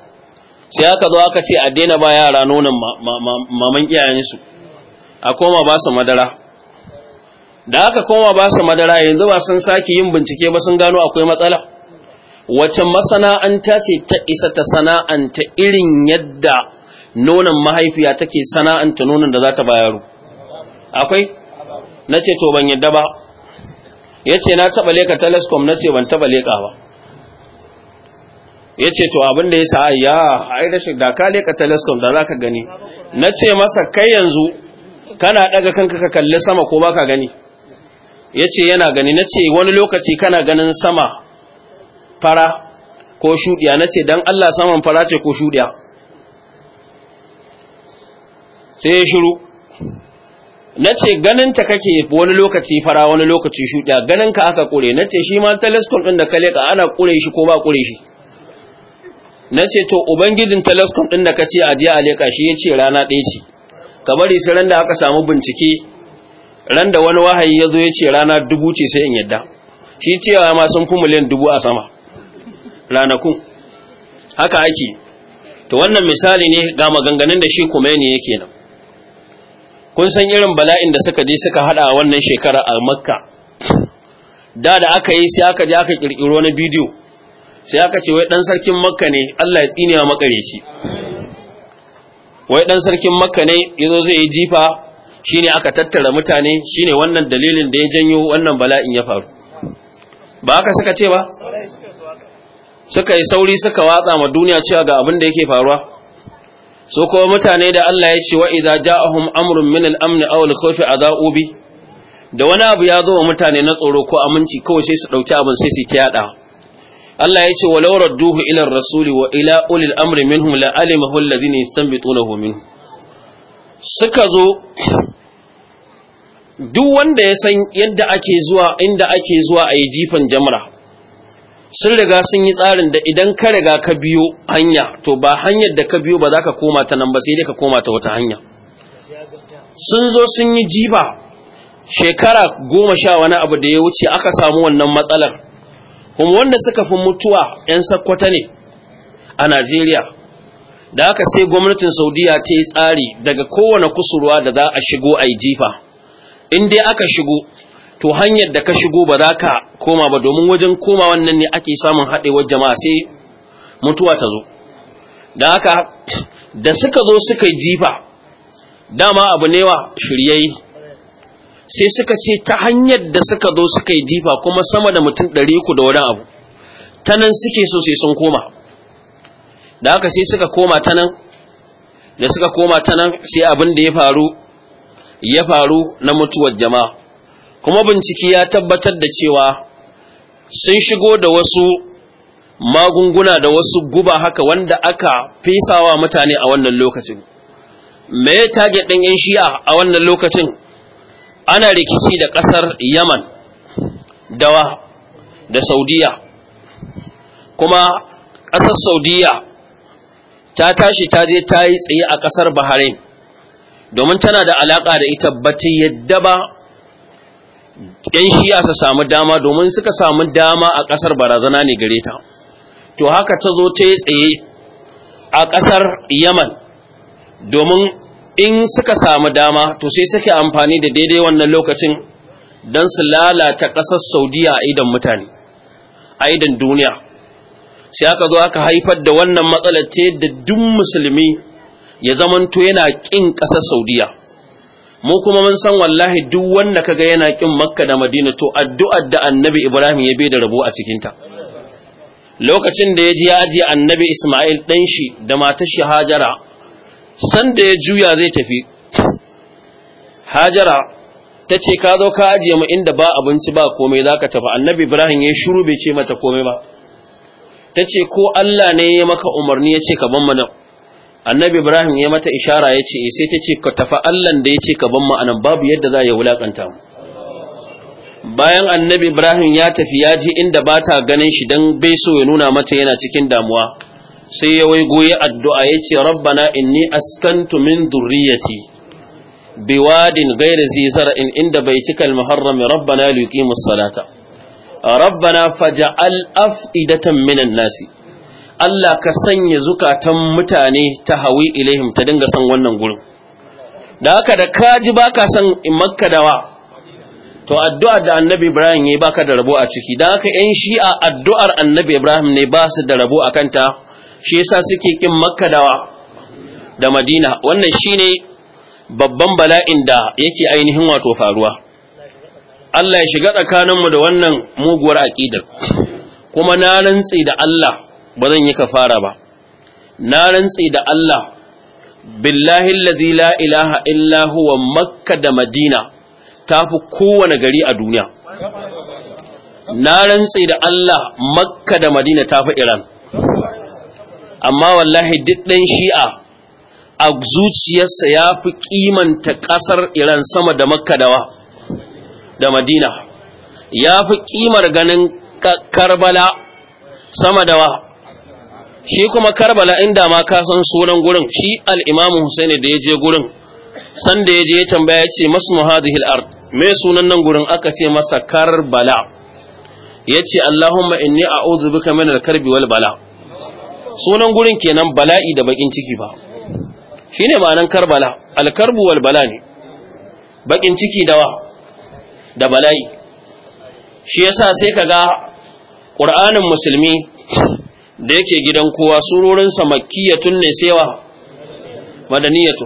sai aka zo aka ce a daina ba yara nonon maman iyayensu a koma ba su madara da aka koma ba su madara yanzu ba sun sake yin bincike ba sun gano akwai matsala wace masana'anta ce ta isa ta sana'anta irin yadda nonon mahaifiya take sana'anta nonon da za ta bayaru akwai na ce to ban yadda ba ya ce na taɓa leka telescope na ce ban taɓa leka ba ya ce to abin da ya sa ya ai rashin da ka leka telescope da zaka gani na ce masa kai yanzu kana daga kanka ka kalli sama ko baka gani ya ce yana gani na ce wani lokaci kana ganin sama fara ko shudiya? na ce don Allah saman fara ce ko shudiya. sai ya shiru na ce ganinta kake wani lokaci fara wani lokaci shudiya? ganinka aka kure? na ce shi ma telescope ɗin da ka leka ana kure shi ko ba kure shi na ce to ubangijin telescope ɗin da ka ce a je a leƙa shi ya ce rana ɗaya ce ka bari su ran da aka samu bincike ran da wani wahayi ya zo ya ce rana dubu ce sai in yadda shi cewa ma sun fi miliyan dubu a sama ranakun haka ake to wannan misali ne ga maganganun da shi kuma ne yake nan kun san irin bala'in da suka je suka hada wannan shekara a makka da da aka yi sai aka je aka kirkiro na bidiyo sai aka ce wai dan sarkin makka ne Allah ya tsine makare shi wai dan sarkin makka ne yazo zai yi jifa shine aka tattara mutane shine wannan dalilin da ya janyo wannan bala'in ya faru ba aka suka ce ba suka yi sauri suka watsa ma duniya cewa ga abin da yake faruwa So kuma mutane da Allah ya ce wa idza ja'ahum amrun min al-amn aw al-khawf adha'u bi da wani abu ya zo wa mutane na tsoro ko aminci kawai sai su dauki abin sai su ta yada Allah ya ce walau radduhu ila rasuli wa ila ulil amri minhum la alimahu alladhina yastanbitunahu minhu suka zo duk wanda ya san yadda ake zuwa inda ake zuwa a yi jifan jamra sun riga sun yi tsarin da idan ka riga ka biyo hanya to ba hanyar da ka biyo ba za ka koma ta nan ba sai dai ka koma ta wata hanya sun zo sun yi jifa shekara goma sha wani abu da ya wuce aka samu wannan matsalar kuma wanda suka fi mutuwa 'yan sakwata ne a najeriya da aka sai gwamnatin saudiya ta yi tsari daga kowane kusurwa da za a shigo a jifa in dai aka shigo to hanyar da ka shigo ba za ka koma ba domin wajen koma wannan ne ake samun haɗewar jama'a sai mutuwa ta zo da aka da suka zo suka jifa dama abu newa shiryayi sai suka ce ta hanyar da suka zo suka yi jifa kuma sama da mutum ɗari ku da wani abu ta nan suke so sai sun koma da haka sai suka koma ta nan da suka koma ta nan sai abin da ya faru ya faru na mutuwar jama'a kuma bincike ya tabbatar da cewa sun shigo da wasu magunguna da wasu guba haka wanda aka fesawa mutane a wannan lokacin me ya target ɗin yan shi'a a wannan lokacin ana rikici da ƙasar yaman dawa da saudiya kuma ƙasar saudiya ta tashi ta je ta yi tsaye a ƙasar bahrain domin tana da alaƙa da ita bata yadda ba ‘yan shiya su samu dama domin suka samu dama a ƙasar barazana ne gare ta to haka ta zo ta yi tsaye a ƙasar yaman domin in suka samu dama to sai suke amfani da daidai wannan lokacin don su lalata ƙasar saudiya a idan mutane a idan duniya sai aka zo aka haifar da wannan matsalar ce da duk musulmi ya zamanto yana ƙin ƙasar saudiya mu kuma mun san wallahi duk wanda ga yana ƙin makka da madina to addu'ar da annabi ibrahim ya bai da rabo a cikinta lokacin da ya ji ya ajiye annabi isma'il ɗan shi da matar shi hajara sanda ya juya zai tafi hajara ta ce ka zo ka ajiye mu inda ba abinci ba komai za ka tafi annabi ibrahim ya shuru bai ce mata komai ba ta ce ko allah ne ya maka umarni ya ce ka ban mana annabi ibrahim ya mata ishara ya ce sai ta ce ka tafi allah da ya ce ka ban mu babu yadda za ya wulakanta mu bayan annabi ibrahim ya tafi ya ji inda ba ta ganin shi don bai so ya nuna mata yana cikin damuwa sai ya wai goyi addu'a ya ce rabbana inni askantu min durriyati biwadin gairi zizara'in inda bai cikal muharrami rabbana liqimus salata rabbana al'af af'idatan minan nasi Allah ka sanya zukatan mutane ta hawi ilaihim ta dinga san wannan gurin da haka da kaji baka san makka dawa to addu'ar da annabi Ibrahim ya baka da rabo a ciki da haka ‘yan shi'a addu'ar annabi Ibrahim ne ba su da rabo a kanta shi yasa suke kin makka da da madina wannan shine babban bala'in da yake ainihin wato faruwa Allah ya shiga tsakaninmu da wannan muguwar aƙidar kuma na rantsi da Allah ba zan yi kafara ba na rantsi da Allah billahi allazi la ilaha illa huwa makka da madina tafi kowane gari a duniya na rantsi da Allah makka da madina tafi iran amma wallahi duk ɗan shi'a a zuciyarsa ya fi kimanta ƙasar iran sama da makka dawa da madina ya fi kimar ganin karbala sama da wa shi kuma karbala inda ma ka san sunan gurin shi al'imamu husaini da ya je gurin sanda ya je ya tambaya ya ce masu muhadihil ard mai sunan nan gurin aka ce masa karbala ya ce allahumma inni a'udhu bika min al-karbi wal bala sunan gurin kenan bala'i da bakin ciki ba shine ma'anan karbala alkarbu wal bala ne bakin ciki dawa da bala'i shi yasa sai kaga ƙur'anin musulmi da yake gidan kowa surorinsa makkiyatun ne sewa madaniyatu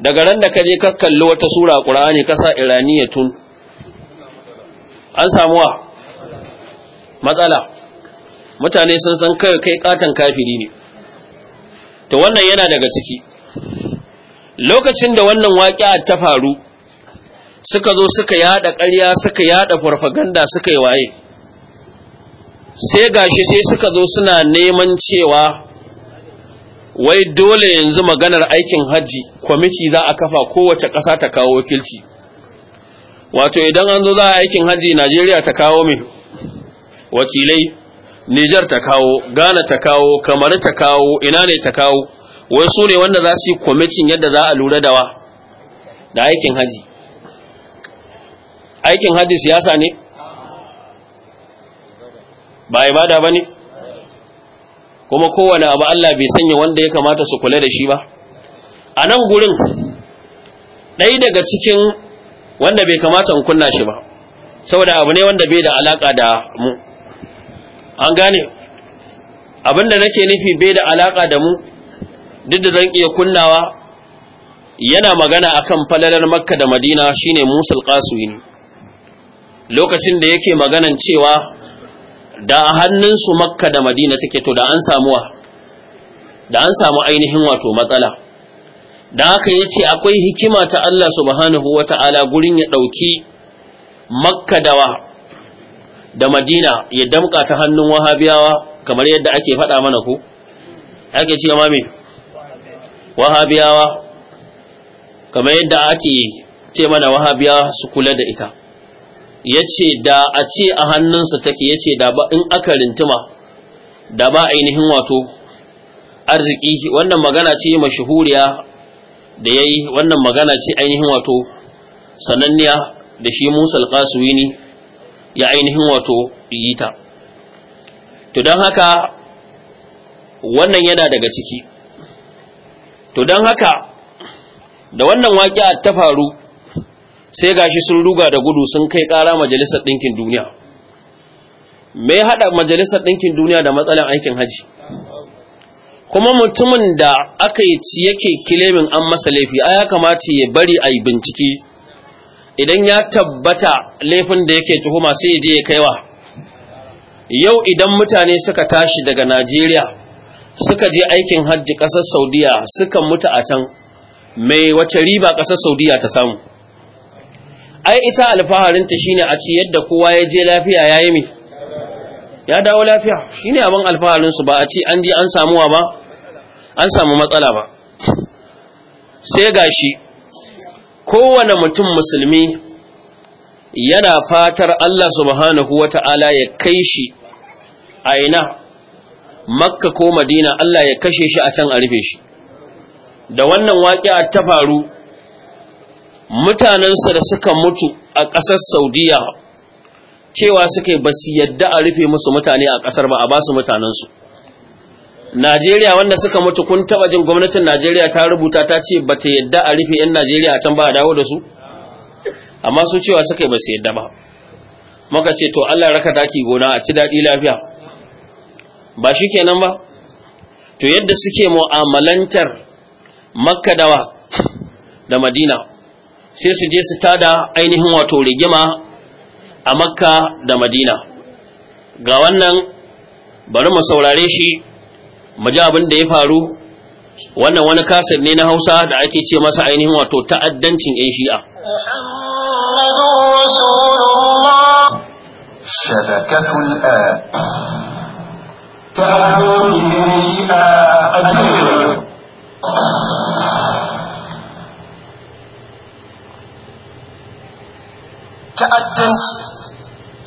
daga ran da kaje ka kalli wata sura ƙur'ani kasa iraniyatun an samuwa matsala mutane sun san kai kai katan kafiri ne to wannan yana daga ciki lokacin da wannan waƙi'a ta faru suka zo suka yada ƙarya suka yada farfaganda suka yi waye sai gashi sai suka zo suna neman cewa wai dole yanzu maganar aikin hajji kwamiti za a kafa kowace ƙasa ta kawo wakilci wato idan an zo za a aikin hajji najeriya ta kawo mai wakilai Nijar ta kawo Ghana ta kawo kamar ta kawo ina ne ta kawo wai su ne wanda za su yi kwamitin yadda za a lura da wa da aikin haji aikin haji siyasa ne ba ibada ba ne kuma kowane abu Allah bai sanya wanda ya kamata su kula da shi ba a nan gurin ɗaya daga cikin wanda bai kamata in kunna shi ba saboda abu ne wanda bai da alaƙa da mu an gane abinda nake nufi bai da alaka da mu duk da zan iya kunnawa yana magana akan falalar makka da madina shine musul ne. lokacin da yake maganan cewa da hannunsu makka da madina take to da an samuwa da an samu ainihin wato matsala da haka ya ce akwai hikima ta Allah subhanahu wa ta'ala gurin ya ɗauki makka da da madina ya damƙa ta hannun wahabiyawa kamar yadda ake faɗa mana ku ake ce mami wahabiyawa kamar yadda ake ce mana wahabiyawa su kula da ita ya ce da a ce a hannunsa take ya ce da ba in aka rintuma da ba ainihin wato arziki wannan magana ce mashuhuriya da ya yi wannan magana ce ainihin wato sananniya da shi musa alƙasuwi ne ya ainihin wato yi ta to don haka wannan yana daga ciki to don haka da wannan waƙiya ta faru sai gashi sun ruga da gudu sun kai ƙara majalisar ɗinkin duniya mai haɗa majalisar ɗinkin duniya da matsalan aikin hajji? kuma mutumin da aka yi yake kilemin an masa laifi a ya kamata ya bari a yi bincike idan ya tabbata laifin da yake tuhuma sai ya je ya kaiwa yau idan mutane suka tashi daga Najeriya suka je aikin hajji kasar Saudiya suka mutu a can mai wace riba ƙasar Saudiya ta samu ai ita alfaharin alfaharinta shine a ci yadda kowa ya je lafiya yayi mi ya dawo lafiya shine abin alfaharin su ba a ci an je an samuwa ba an samu matsala ba sai gashi kowane mutum musulmi yana fatar Allah subhanahu wata'ala ya kai shi a ina makka ko madina Allah ya kashe shi a can a rufe shi da wannan a ta faru mutanensa da suka mutu a ƙasar saudiya cewa suka yi basu yadda a rufe musu mutane a ƙasar ba a basu mutanensu Najeriya wanda suka mutu kun taba jin gwamnatin Najeriya ta rubuta ta ce ba ta yadda a rufe 'yan Najeriya a can ba a dawo da su? Amma su cewa suka yi ba su yadda ba. Muka ce to Allah raka taki gona a ci daɗi lafiya. Ba shi kenan ba? To yadda suke mu'amalantar Makka dawa da Madina sai su je su tada ainihin wato rigima a Makka da Madina. Ga wannan bari mu saurare shi Maji abin da ya faru wannan wani kasar ne na hausa da ake ce masa ainihin wato ta'addancin yan shi'a ta'addanci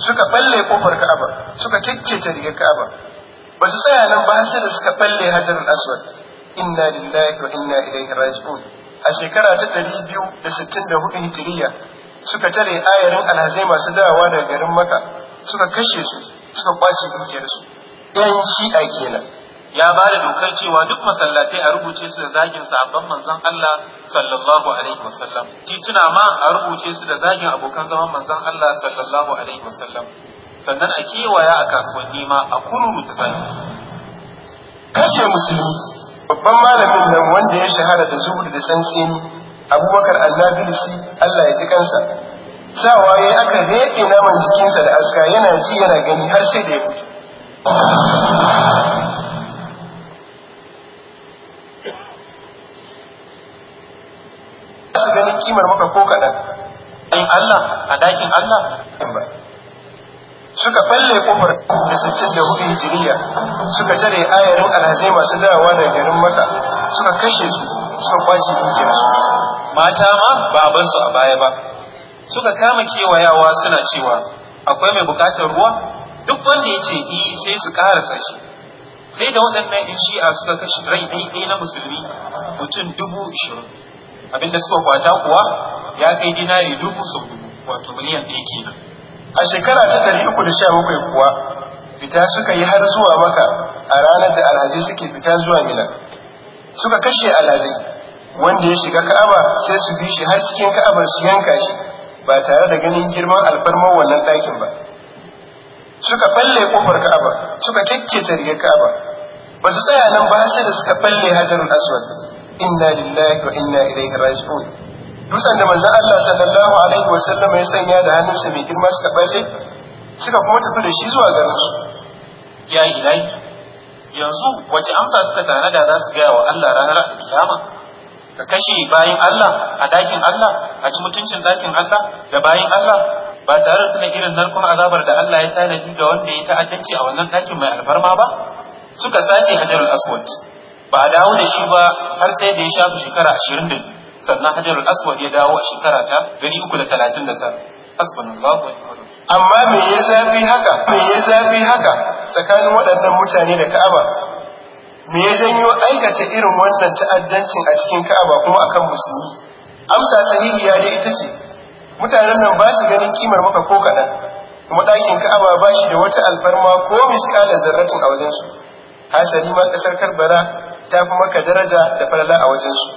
suka balle kofar Ka'aba suka kikkece rigar Ka'aba ba su tsaya nan ba sai da suka balle hajarul aswad inna lillahi wa inna ilaihi raji'un a shekara ta ɗari biyu da sittin da suka tare ayarin alhazai masu dawowa daga garin maka suka kashe su suka kwace su yan a kenan ya ba da dokar cewa duk masallatai a rubuce su da zagin sabon manzon Allah sallallahu alaihi wasallam tituna ma a rubuce su da zagin abokan zaman manzon Allah sallallahu alaihi wasallam sannan a kewaya a kasuwanni ma a kururu ta sani kashe musulmi babban malamin nan wanda ya shahara da Zuhur da tsantsini abubakar annabilisi allah ya ji kansa sawa ya aka reɗe naman jikinsa da aska yana ji yana gani har sai da ya mutu su ganin kimar maka ko kaɗan in Allah a ɗakin Allah ba suka falle kofar da sittin da hudu hijiriya suka tare ayarin alhazai masu dawa da garin maka suka kashe su suka kwashe su. mata ma ba a su a baya ba suka kama kewayawa suna cewa akwai mai bukatar ruwa duk wanda ya ce i eh, sai su karasa shi sai da waɗannan in shi'a suka kashe rai ɗaiɗai na musulmi mutum dubu ishirin abinda suka kwata kuwa ya kai dinari dubu sau dubu wato miliyan ɗaya kenan a shekara ta ɗari uku da sha bakwai kuwa fita suka yi har zuwa maka a ranar da alhaji suke fita zuwa mila. suka kashe alhaji wanda ya shiga ka'aba sai su bi shi har cikin ka'abar su yanka shi ba tare da ganin girman alfarmar wannan ɗakin ba suka falle kofar ka'aba suka kekkece rigar ka'aba ba su tsaya nan ba sai da suka falle hajarul aswad inna lillahi wa inna ilaihi raji'un Dutsen da manzan Allah sallallahu alaihi sallam ya sanya da hannunsa mai girma suka balle suka kuma tafi da shi zuwa garinsu ya ilahi yanzu wace amsa suka tare da za su gaya wa Allah ranar kiyama ka kashe bayan Allah a dakin Allah a ci mutuncin dakin Allah da bayan Allah ba tare da tuna irin narkon azabar da Allah ya tanadi ga wanda ya ta'addanci a wannan dakin mai alfarma ba suka sace hajarul aswad ba a dawo da shi ba har sai da ya shafi shekara ashirin da biyu sannan hajjar aswad ya dawo a shekara ta gari uku da talatin da tara babu amma me ya zafi haka me ya zafi haka tsakanin waɗannan mutane da ka'aba me ya janyo aikata irin wannan ta'addancin a cikin ka'aba kuma akan musulmi amsa ya dai ita ce mutanen nan ba su ganin kimar maka ko kaɗan kuma ɗakin ka'aba ba shi da wata alfarma ko miskalar zarratin a wajensu hasali ma ƙasar karbala ta fi maka daraja da falala a wajensu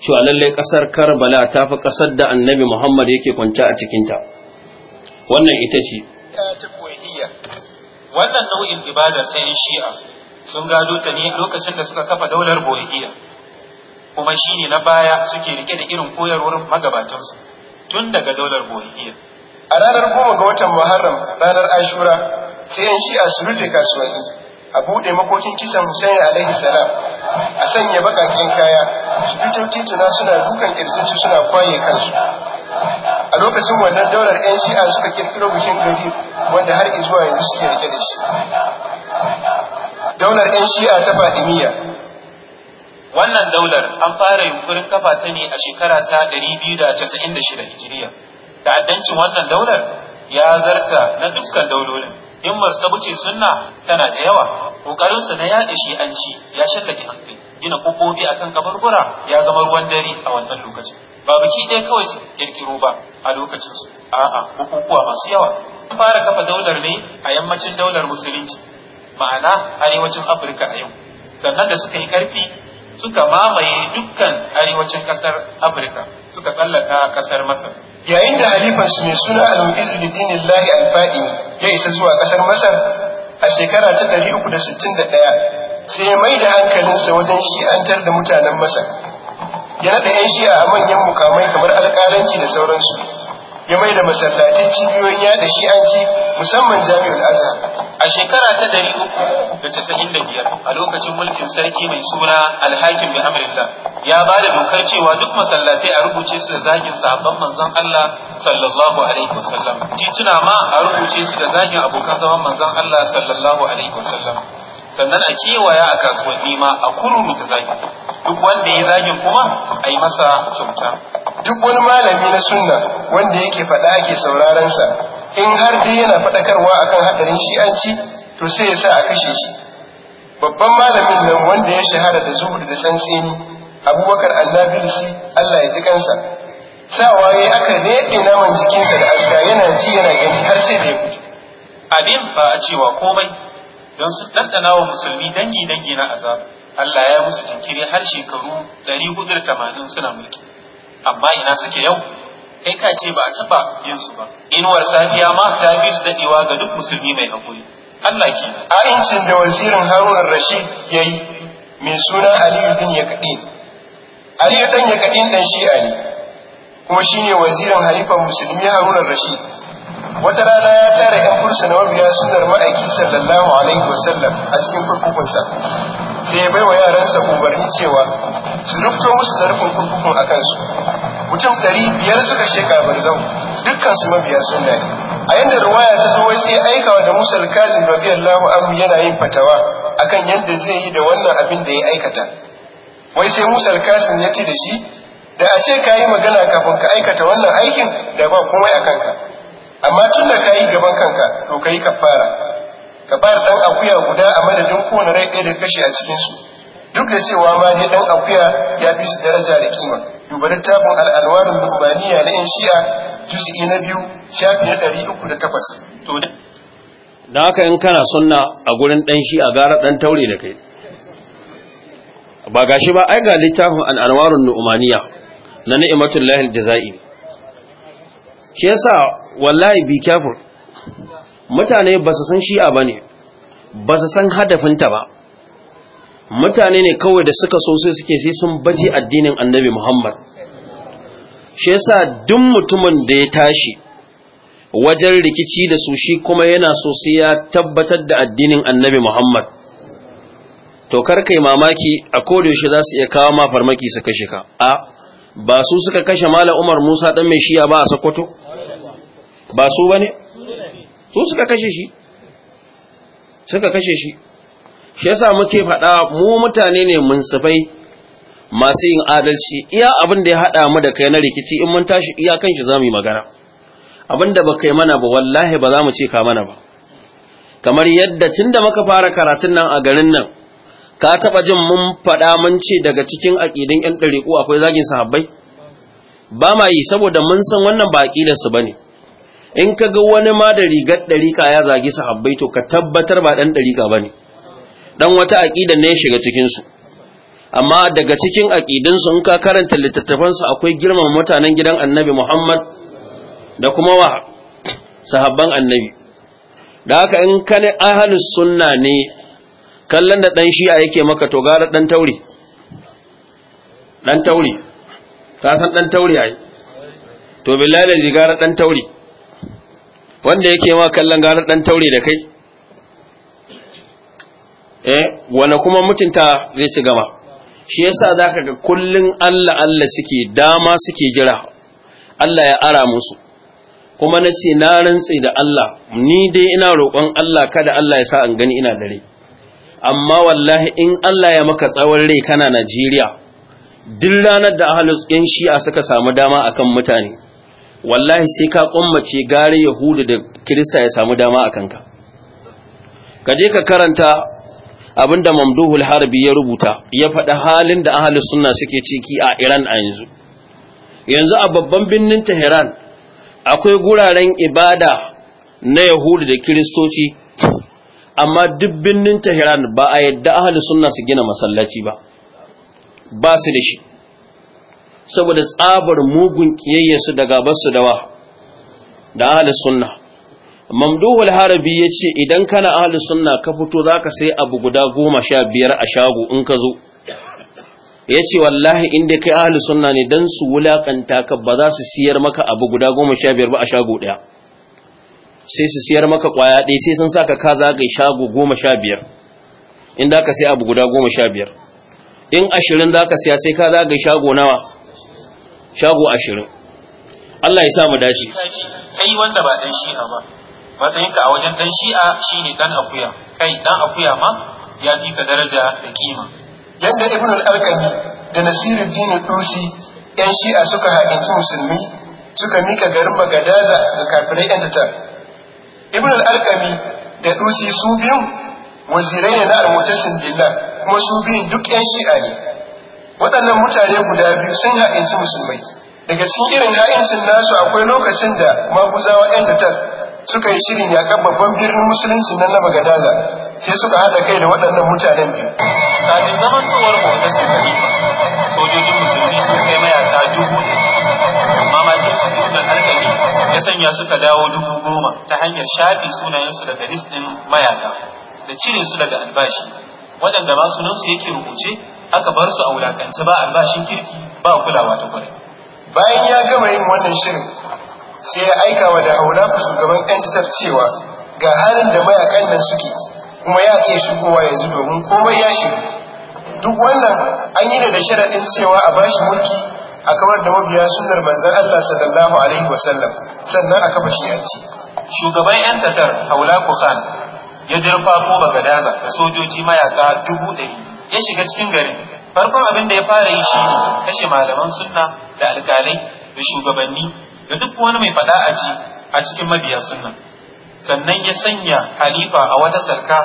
cewa lallai ƙasar karbala ta fi ƙasar da annabi muhammad yake kwanci a cikinta wannan ita ce wannan nau'in ibadar ta yin shi'a sun gado ta ne lokacin da suka kafa daular boyayya kuma shi ne na baya suke rike da irin koyarwar magabatansu tun daga daular boyayya a ranar goma ga watan muharram ranar ashura sai yan shi'a su rufe kasuwanni a buɗe makokin kisan Hussein alaihi salam a sanya bakakin kaya su fito tituna suna dukan kirjinsu suna kwaye kansu a lokacin wannan daular yan shi'a suka kirkiro bikin gari wanda har zuwa yanzu suke rike da shi daular yan shi'a ta fadimiyya wannan daular an fara yunkurin kafa ta ne a shekara ta 296 hijiriya ta'addancin wannan daular ya zarta na dukkan daulolin in su ta wuce sunna tana da yawa Ƙoƙarinsu su na yaɗa shi an ci ya hankali. gina a akan kaburbura ya zama ruwan dare a wannan lokacin ba biki ɗaya kawai su ƙirƙiro ba a lokacin su a'a bukukuwa masu yawa an fara kafa daular ne a yammacin daular musulunci ma'ana arewacin afirka a yau sannan da suka yi ƙarfi suka mamaye dukkan arewacin ƙasar afirka suka tsallaka ƙasar masar yayin da halifa mai suna al lahi al-fadimi ya isa zuwa ƙasar masar a shekara ta 361 sai ya mai da hankalinsa wajen shi'antar da mutanen masar ya naɗa 'yan shi'a a manyan mukamai kamar alƙalanci da sauransu ya mai da masallatai cibiyoyin yaɗa shi'anci musamman jami'ul azhar a shekara ta ɗari uku da casa'in da biyar a lokacin mulkin sarki mai suna alhakim bi amrillah ya ba da dokar cewa duk masallatai a rubuce su da zagin sabon manzon Allah sallallahu alaihi wasallam tituna ma a rubuce su da zagin abokan zaman manzon Allah sallallahu alaihi wasallam sannan a kewaya a kasuwanni ma a kururu zagi duk wanda ya zagin kuma a yi masa kyauta duk wani malami na sunna wanda yake faɗa ake sauraron sa in har dai yana faɗakarwa akan haɗarin shi'anci to sai ya sa a kashe shi babban malamin nan wanda ya shahara da zuhud da tsantseni abubakar annabilisi allah ya ji kansa sawa ya aka daɗe naman jikinsa da aska yana ji yana gani har sai da ya mutu abin ba a cewa komai don su ɗanɗana wa musulmi dangi dangi na azab allah ya musu jinkiri har shekaru 480 suna mulki amma ina suke yau kai ka ce ba a taba yin su ba inuwar safiya ma ta bi su dadewa ga duk musulmi mai hakuri Allah ke a'incin da wazirin Harun Rashid yayi mai suna Aliyu bin Yakadin Aliyu dan Yakadin dan Shi'a ne kuma shine wazirin halifa musulmi Harun Rashid wata rana ya tara yan kursa na mabiya sunar ma'aiki sallallahu alaihi wasallam a cikin kurkukunsa sai ya bai wa yaransa umarni cewa su rubuto musu da rufin kurkukun a kansu mutum ɗari biyar suka sheka barzau dukkan su mabiya sunna ne a yadda ruwaya ta zo wai sai aikawa da musa alkazim radiyallahu anhu yana yin fatawa akan yadda zai yi da wannan abin da ya aikata wai sai musa alkazim ya ce da shi da a ce ka yi magana kafin ka aikata wannan aikin da ba komai a kanka amma tun da ka yi gaban kanka to ka yi kafara ka ba ɗan akuya guda a madadin kowane rai ɗaya da kashe a cikinsu duk da cewa ma ne ɗan akuya ya fi su daraja da kima duba littafin al'alwarin rubaniya na yan shi'a juz'i na biyu shafi na ɗari uku da takwas to da haka in kana sunna a gurin ɗan shi'a gara ɗan taure da kai ba gashi ba ai ga littafin al'alwarin nu'umaniya na ni'imatul lahil jaza'i shi yasa wallahi bi kyafur. mutane ba su san shi'a ba ne ba su san hadafinta ba mutane ne kawai da suka so sai suke sai sun baje addinin annabi Muhammad shi yasa duk mutumin da ya tashi wajen rikici da su shi kuma yana so sai ya tabbatar da addinin annabi Muhammad to kar kai mamaki a kodayaushe za su iya kawo ma farmaki su kashe ka a ba su suka kashe Malam Umar Musa dan mai shiya ba a Sokoto ba su bane su suka kashe shi suka kashe shi shi yasa muke faɗa mu mutane ne munsifai masu yin adalci iya abin da ya haɗa mu da kai na rikici in mun tashi iya kan shi mu yi magana abin da baka yi mana ba wallahi ba za mu ce ka mana ba kamar yadda tunda muka fara karatun nan a garin nan ka taba jin mun faɗa mun ce daga cikin aƙidin ƴan ɗariƙu akwai zagin sahabbai ba ma yi saboda mun san wannan ba aƙidar su bane in ka ga wani ma da rigar ɗariƙa ya zagi sahabbai to ka tabbatar ba ɗan ɗariƙa bane dan wata aqida ne shiga cikin su amma daga cikin aqidin su in ka karanta littattafan su akwai girman mutanen gidan Annabi Muhammad da kuma wa sahabban Annabi da haka in ka ne ahlus sunna ne kallon da dan shi'a yake maka to gara dan tauri dan tauri ka san dan tauri ai to billahi da gara dan tauri wanda yake ma kallon gara dan tauri da kai eh wani kuma mutunta zai ci gaba shi yasa zaka ga kullun Allah Allah suke dama suke jira Allah ya ara musu kuma na ce na rantse da Allah ni dai ina roƙon Allah kada Allah ya sa an gani ina dare amma wallahi in Allah ya maka tsawon rai kana Najeriya duk ranar da ahalus ɗin shi'a suka samu dama akan mutane wallahi sai ka kummace gare Yahudu da Kirista ya samu dama akan ka ka ka karanta abinda mamduhul harbi ya rubuta ya faɗa halin da ahalus sunna suke ciki a iran a yanzu yanzu a babban birnin tehran akwai guraren ibada na yahudu da kiristoci amma duk birnin tehran ba a yadda ahalus sunna su gina masallaci ba ba su da shi saboda tsabar mugun kiyayya su daga basu dawa da ahalus sunna mamduhul harabi ya ce idan kana ahli sunna ka fito za ka sai abu guda goma sha biyar a shago in ka zo ya ce wallahi inda kai ahli sunna ne don su wulaƙanta ka ba za su siyar maka abu guda goma sha biyar ba a shago ɗaya sai su siyar maka ƙwaya ɗaya sai sun saka ka zagaye shago goma sha biyar in da ka sai abu guda goma sha biyar in ashirin za ka siya sai ka zagaye shago nawa shago ashirin Allah ya sa mu dace kai wanda ba ɗan shi'a ba matsayinka a wajen dan shi'a shi ne dan akuya kai dan akuya ma ya fi ka daraja da kima yadda ibn al-alqami da dini dusi yan shi'a suka haƙinci musulmi suka mika garin bagadaza ga kafirai yan tatar ibn al-alqami da dusi su biyu wazirai ne na al-mutasim billah kuma su biyun duk yan shi'a ne waɗannan mutane guda biyu sun haƙinci musulmai daga cikin irin ha'incin nasu akwai lokacin da maguzawa yan tatar suka yi shirin yakan babban birnin musulunci nan na magadaza sai suka haɗa kai da waɗannan mutanen biyu kafin zaman tsohuwar bauta su sojojin musulmi sun kai mayaka dubu ne amma makin su alkali ya sanya suka dawo dubu goma ta hanyar shafi sunayensu daga list ɗin mayaka da cire su daga albashi waɗanda ma su yake rubuce aka bar su a wulakance ba albashin kirki ba kulawa ta kwarai bayan ya gama yin wannan shirin sai ya aika wa da ku shugaban yan titar cewa ga halin da mayakan nan suke kuma ya iya shigowa yanzu domin komai ya shigo duk wannan an yi da sharaɗin cewa a bashi mulki a kawar da mabiya sunar manzan Allah sallallahu alaihi wasallam sannan a kafa yanci. shugaban yan tatar haula kusan ya jirfa ko bagadaza da sojoji mayaka dubu ɗari ya shiga cikin gari. farkon abin da ya fara yi shi ne kashe malaman sunna da alkalai da shugabanni da duk wani mai fada a ci a cikin mabiya sunna sannan ya sanya halifa a wata sarka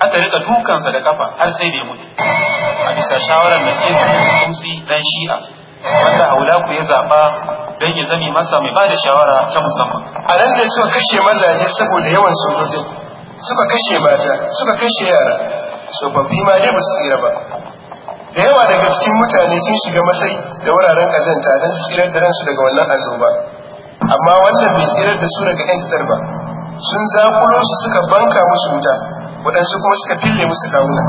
aka rika dukansa da kafa har sai da ya mutu a bisa shawarar da sai tutsi dan shi'a wanda ku ya zaba don ya zame masa mai ba da shawara ta musamman a nan ne suka kashe mazaje saboda yawan sojojin suka kashe mata suka kashe yara tsofaffi ma dai ba su tsira ba da yawa daga cikin mutane sun shiga masai da wuraren kazanta don su tsirar da ransu daga wannan annoba amma wannan bai tsirar da su daga 'yan ba sun zakulo su suka banka musu wuta waɗansu kuma suka fille musu kawuna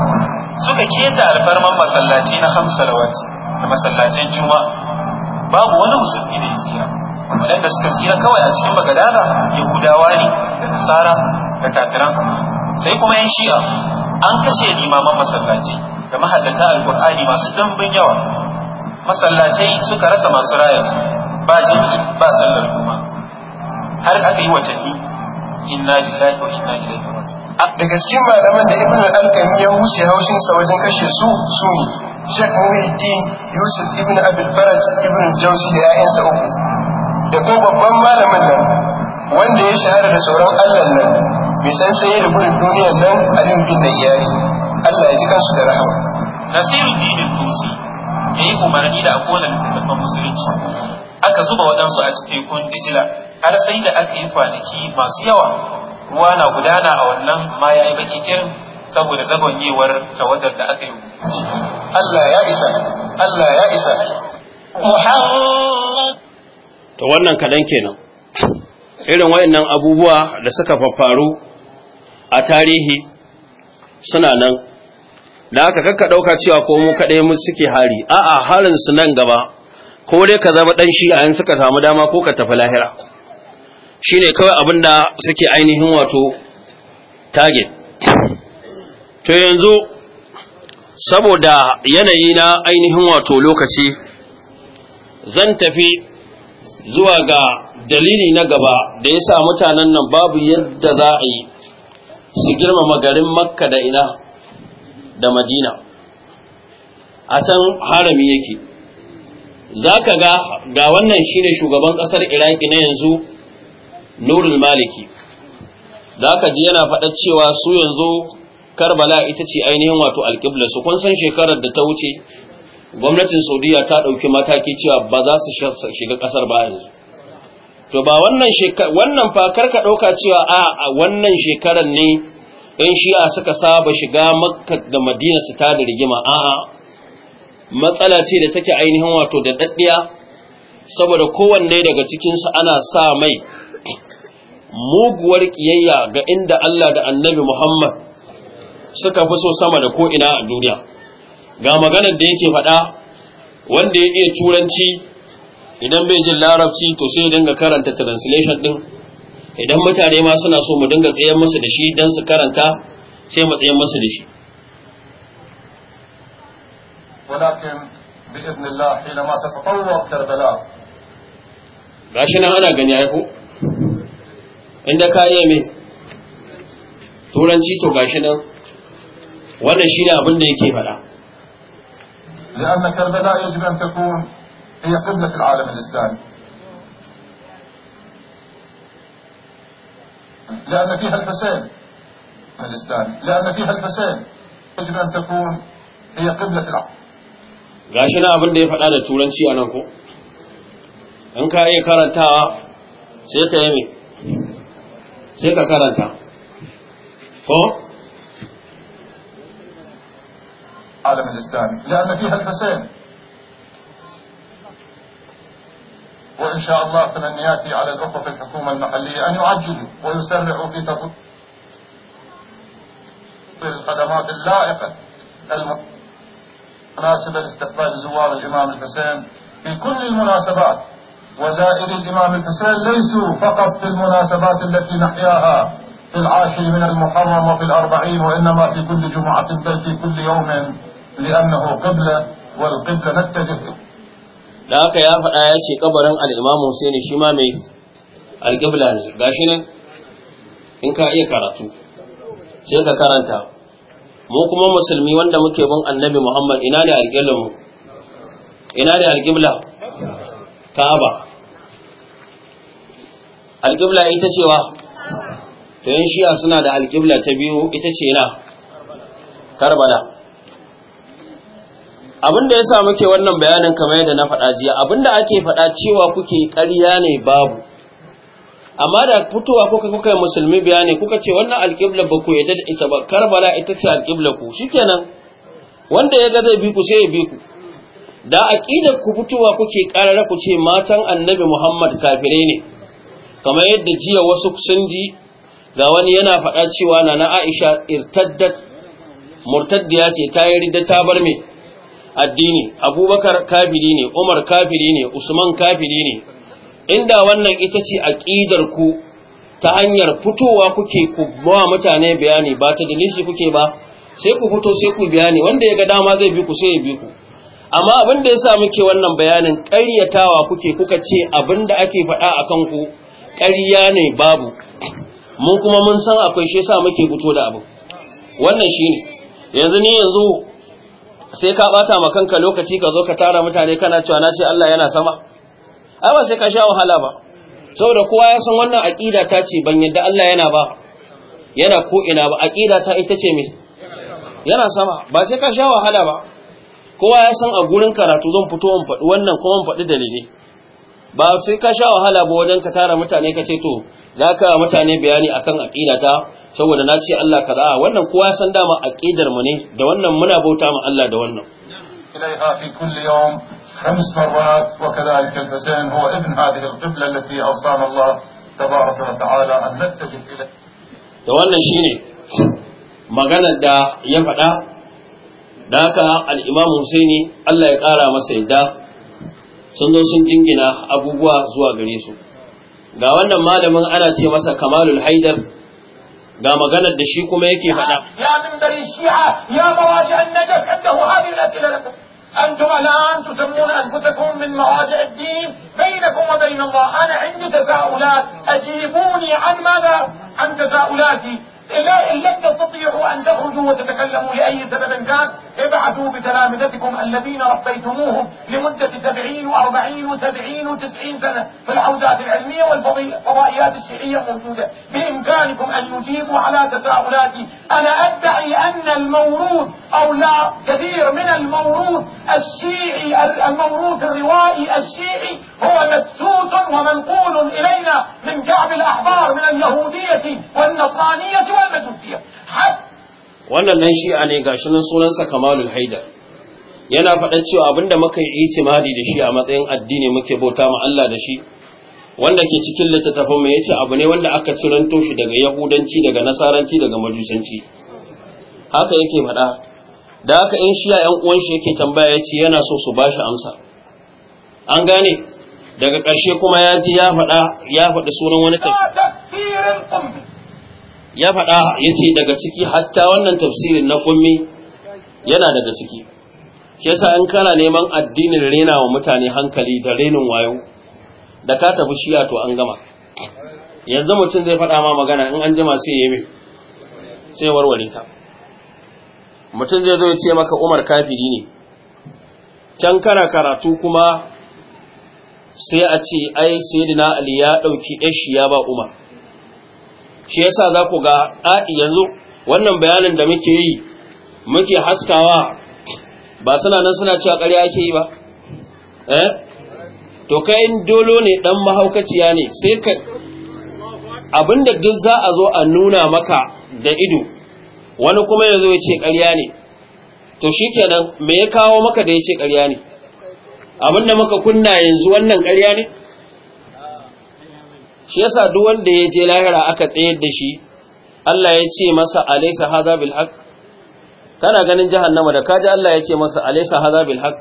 suka keta alfarman masallaci na hamsa da da masallacin juma babu wani musulmi da ya tsira waɗanda suka tsira kawai a cikin ya yahudawa ne da nasara da kafiran sai kuma yan shi'a an kashe limaman masallaci da mahallata alkur'ani masu dambin yawa masallacai suka rasa masu rayarsu ba jami'i ba sallar juma har aka yi watanni inna lillahi wa inna ilaihi raji'un daga cikin malaman da ibnu al-alkami ya wuce haushin sa wajen kashe su su ne Sheikh Muhyiddin Yusuf ibn Abdul Faraj ibn jawzi da ƴaƴansa uku da ko babban malamin nan wanda ya shahara da sauran Allah nan bai san sai da gurin duniyar nan Ali bin iyali. Allah ya ji kansu da rahama Nasiru dinin Tusi yi umarni da a da littattafan musulunci aka zuba waɗansu a tekun dijila har sai da aka yi kwanaki masu yawa ruwa na gudana a wannan ma ya yi baki kirin saboda zagonyewar tawadar da aka yi Allah ya isa Allah ya isa Muhammad to wannan kaɗan kenan irin wayannan abubuwa da suka faru a tarihi suna nan da aka kakka ɗauka cewa ko mu kaɗai mu suke hari a'a harin su nan gaba ko dai ka zama dan a yan suka samu dama ko ka tafi lahira shine kawai abin da suke ainihin wato target to yanzu saboda yanayi na ainihin wato lokaci zan tafi zuwa ga dalili na gaba da ya sa mutanen nan babu yadda za a yi su girmama garin makka da ina da madina a can harami yake za ka ga wannan shi ne shugaban ƙasar iraki na yanzu nurul maliki za ka ji yana faɗa cewa su yanzu karbala ita ce ainihin wato alƙibla su kun san shekarar da ta wuce gwamnatin saudiya ta ɗauki mataki cewa ba za su shiga ƙasar ba yanzu to ba wannan wannan fakar ka ɗauka cewa a wannan shekarar ne 'yan shi'a suka saba shiga makka da madina su ta da rigima a'a matsala ce da take ainihin wato da daddiya saboda kowanne daga cikinsu ana sa mai muguwar kiyayya ga inda Allah da annabi Muhammad suka fi so sama da ko'ina a duniya ga maganar da yake faɗa wanda ya iya turanci idan bai jin larabci to sai dinga karanta translation ɗin idan mutane ma suna so mu dinga tsayen musu da shi don su karanta sai mu tsayen musu da shi ولكن بإذن الله حينما تتطور كربلاء غاشنا أنا غنياكو عندك أيامي turanci to gashi nan wannan shi abin da yake faɗa لأن كربلاء يجب أن تكون هي قبلة العالم الإسلامي لأن فيها الفساد الإسلامي لأن فيها الفساد يجب أن تكون هي قبلة العالم gashi na abin da ya faɗa da turanci a nan ko in ka iya karantawa sai ka yi sai ka karanta ko العالم الإسلامي لأن فيها الحسين وإن شاء الله تمنياتي على الأخوة في الحكومة المحلية أن يعجلوا ويسرعوا في تطوير الخدمات اللائقة المطلوبة مناسبة لاستقبال زوار الإمام الحسين في كل المناسبات وزائري الإمام الحسين ليسوا فقط في المناسبات التي نحياها في العاشر من المحرم وفي الأربعين وإنما في كل جمعة بل في كل يوم لأنه قبلة والقبلة نتجه da haka ya faɗa ya ce kabarin al'imamu Hussein shi ma mai alƙibla ne gashi nan in ka iya karatu sai ka karanta mu kuma musulmi wanda muke bin annabi Muhammad ina ne alƙiblar mu ina ne alƙibla Ka'aba alƙibla ita cewa to yan shi'a suna da alƙibla ta biyu ita ce na Karbala abin da ya sa muke wannan bayanin kamar yadda na faɗa jiya abin da ake faɗa cewa kuke ƙarya ne babu amma da fitowa kuka kuka yi musulmi bayani kuka ce wannan alƙibla ba ku yadda da ita ba karbala ita ce alƙibla ku shikenan wanda yaga ga zai bi ku sai ya bi ku da aqidar ku fitowa kuke karara ku ce matan annabi Muhammad kafire ne kamar yadda jiya wasu sun ji ga wani yana faɗa cewa nana Aisha irtaddat murtaddiya ce ta yi ridda ta bar me addini Abubakar kafiri ne Umar kafiri ne Usman kafiri ne inda wannan ita ce aƙidar ku ta hanyar fitowa kuke ku ba mutane bayani ba ta dalishi kuke ba sai ku fito sai ku bayani wanda ya ga dama zai bi ku sai ya bi ku amma abin da ya sa muke wannan bayanin karyatawa kuke kuka ce abin da ake faɗa a kanku ƙarya ne babu mun kuma mun san akwai shi sa muke fito da abu wannan shi ne yanzu ni yanzu sai ka ɓata ma kanka lokaci ka zo ka tara mutane kana cewa na ce Allah yana sama ai ba sai ka sha wahala ba saboda kowa ya san wannan aqida ta ce ban yadda Allah yana ba yana ko ina ba aqida ta ita ce me yana sama ba sai ka sha wahala ba kowa ya san a gurin karatu zan fito in faɗi wannan kuma in faɗi dalili ba sai ka sha wahala ba wajen ka tara mutane ka ce to za ka mutane bayani akan aqida ta saboda na ce Allah kaza wannan kowa ya san dama aqidar mu ne da wannan muna bauta ma Allah da wannan ilaiha fi kulli yawm خمس مرات وكذلك الحسين هو ابن هذه القبلة التي أوصانا الله تبارك وتعالى أن نتجه إليه da wannan shine maganar da ya faɗa da haka al'imam Husaini Allah ya ƙara masa yadda sun zo sun jingina abubuwa zuwa gare su ga wannan malamin ana ce masa kamalul haidar ga maganar da shi kuma yake faɗa ya min bari shi'a ya na bawashi annaka kaddahu da al da. أنتم الآن تسمون أنفسكم من مراجع الدين بينكم وبين الله أنا عندي تساؤلات أجيبوني عن ماذا عن تساؤلاتي لا إن لم تستطيعوا أن تخرجوا وتتكلموا لأي سبب كان ابعثوا بتلامذتكم الذين ربيتموهم لمدة سبعين وأربعين وسبعين وتسعين سنة في الحوزات العلمية والفضائيات الشيعية موجودة بإمكانكم أن يجيبوا على تساؤلاتي أنا أدعي أن الموروث أو لا كثير من الموروث الشيعي الموروث الروائي الشيعي هو مسوس ومنقول إلينا من كعب الأحبار من اليهودية والنصرانية والمجوسية حتى wannan nan shi'a ne gashi nan sunansa kamalul haidar yana faɗa cewa abinda muka yi itimadi da shi a matsayin addini muke bauta ma Allah da shi wanda ke cikin littattafan mai yace abu ne wanda aka ciranto shi daga yahudanci daga nasaranci daga majusanci haka yake faɗa da haka in shi yan uwan shi yake tambaya yace yana so su ba shi amsa an gane daga ƙarshe kuma ya ji ya faɗa ya faɗi sunan wani tafi ya faɗa ya ce daga ciki hatta wannan tafsirin na kunmi yana daga ciki shi yasa in kana neman addinin rena wa mutane hankali da renin wayo da ka tafi shi to an gama yanzu mutum zai faɗa ma magana in an jima sai ya sai warware ta mutum zai zo ya ce maka umar kafiri ne can kana karatu kuma sai a ce ai sayyidina ali ya ɗauki ɗashi ya ba umar shi yasa za ku ga A, yanzu wannan bayanin da muke yi muke haskawa ba suna nan suna cewa ƙarya ake yi ba eh to kai in dolo ne dan mahaukaciya ne sai ka abinda duk za a zo a nuna maka da ido wani kuma yanzu ya ce ƙarya ne to shi shikenan me ya kawo maka da ya ce ƙarya ne abinda muka kunna yanzu wannan ƙarya ne shi yasa duk wanda ya je lahira aka tsayar da shi Allah ya ce masa alaysa hadha bil haqq kana ganin jahannama da kaji Allah ya ce masa alaysa hadha bil haqq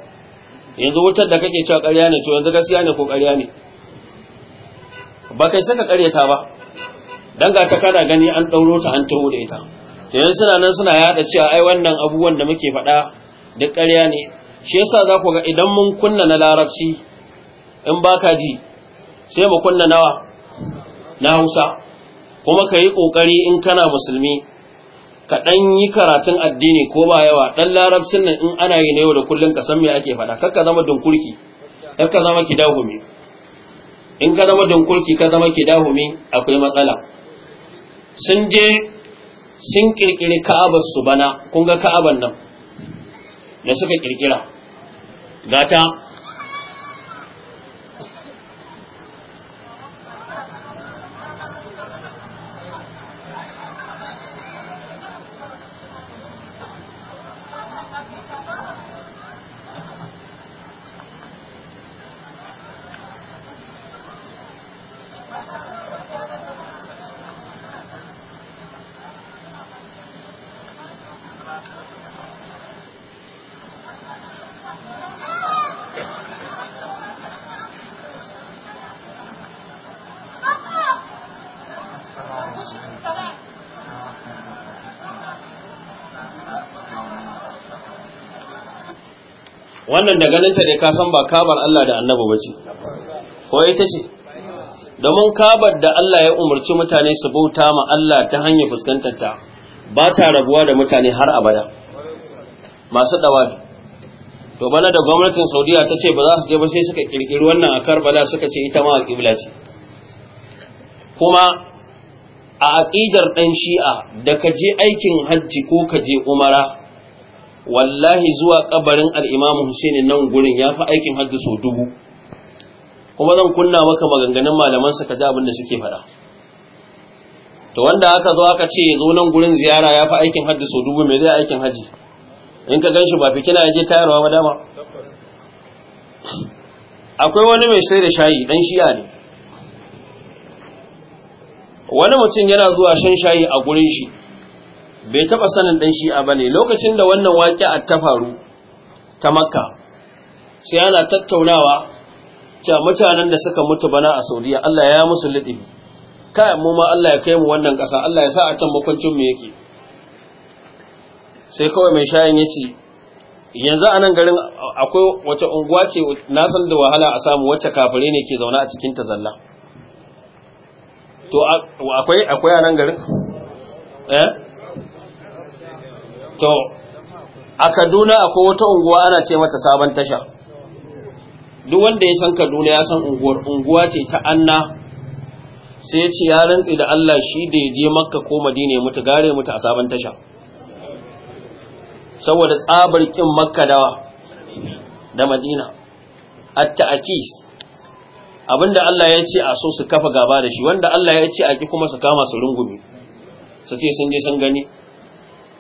yanzu wutar da kake cewa ƙarya ne to yanzu gaskiya ne ko ƙarya ne ba kai saka ƙaryata ba dan ga ta kana gani an dauro ta an tawo da ita yanzu suna nan suna yada cewa ai wannan abubuwan da muke faɗa duk ƙarya ne shi yasa za ku ga idan mun kunna na larabci in baka ji sai mu kunna nawa na Hausa kuma ka yi ƙoƙari in kana musulmi ka ɗan yi karatun addini ko ba yawa ɗan larabcin nan in ana yi na yau da kullum ka san me ake faɗa kar ka zama dunkulki kar ka zama kidahumi in ka zama dunkulki ka zama kidahumi akwai matsala sun je sun ƙirƙiri ka'abar su bana kun ga ka'abar nan da suka ƙirƙira gata wannan da ganinta ne ka san ba kabar Allah da annabi ba ce ko ita ce domin kabar da Allah ya umarci mutane su bauta ma Allah ta hanyar fuskantar ta ba ta rabuwa da mutane har abada masu dawafi to bana da gwamnatin Saudiya ta ce ba za su je ba sai suka kirkiri wannan a Karbala suka ce ita ma al-Qibla ce kuma a aƙidar Dan shi'a da ka je aikin hajji ko ka je umara wallahi zuwa kabarin al'imamu Hussein nan gurin ya fi aikin hajji sau dubu kuma zan kunna maka maganganun malaman ka ji abin da suke faɗa to wanda aka zo aka ce zo nan gurin ziyara ya fi aikin hajji sau dubu mai zai aikin hajji in ka gan shi ba fikina ya je tayarwa ba dama akwai wani mai sai da shayi dan shi'a ne wani mutum yana zuwa shan shayi a gurin shi bai taɓa sanin ɗan shi'a ba ne lokacin da wannan a ta faru ta makka sai ana tattaunawa cewa mutanen da suka mutu bana a saudiya allah ya musu liɗi, kayan mu ma allah ya kai mu wannan ƙasa allah ya sa a can makwancin mu yake sai kawai mai shayin ya ce yanzu a nan garin akwai wata unguwa ce na san da wahala a samu wacce kafire ne ke zaune a cikin ta zalla to akwai akwai a nan garin eh to a kaduna akwai wata unguwa ana ce mata sabon tasha duk wanda ya san kaduna ya san unguwar unguwa ce ta anna sai ya ce ya rantsi da allah shi da ya je makka ko madina ya mutu gare mutu a sabon tasha saboda tsabar kin makka dawa da madina at ta'kis abinda Allah ya ce a so su kafa gaba da shi wanda Allah ya ce a ki kuma su kama su rungumi su ce sun je sun gani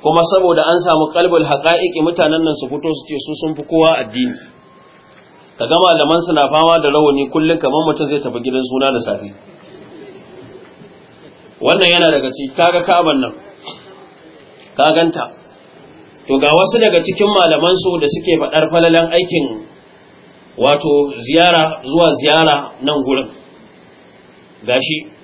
kuma saboda an samu kalbul haƙa'iƙi mutanen nan su fito su ce su sun fi kowa addini ka gama malamansu na fama da rawani kullum kamar mutum zai tafi gidan suna da safe wannan yana daga ciki kaga ka'aban nan ka ganta to ga wasu daga cikin malaman su da suke faɗar falalan aikin wato ziyara zuwa ziyara nan gurin gashi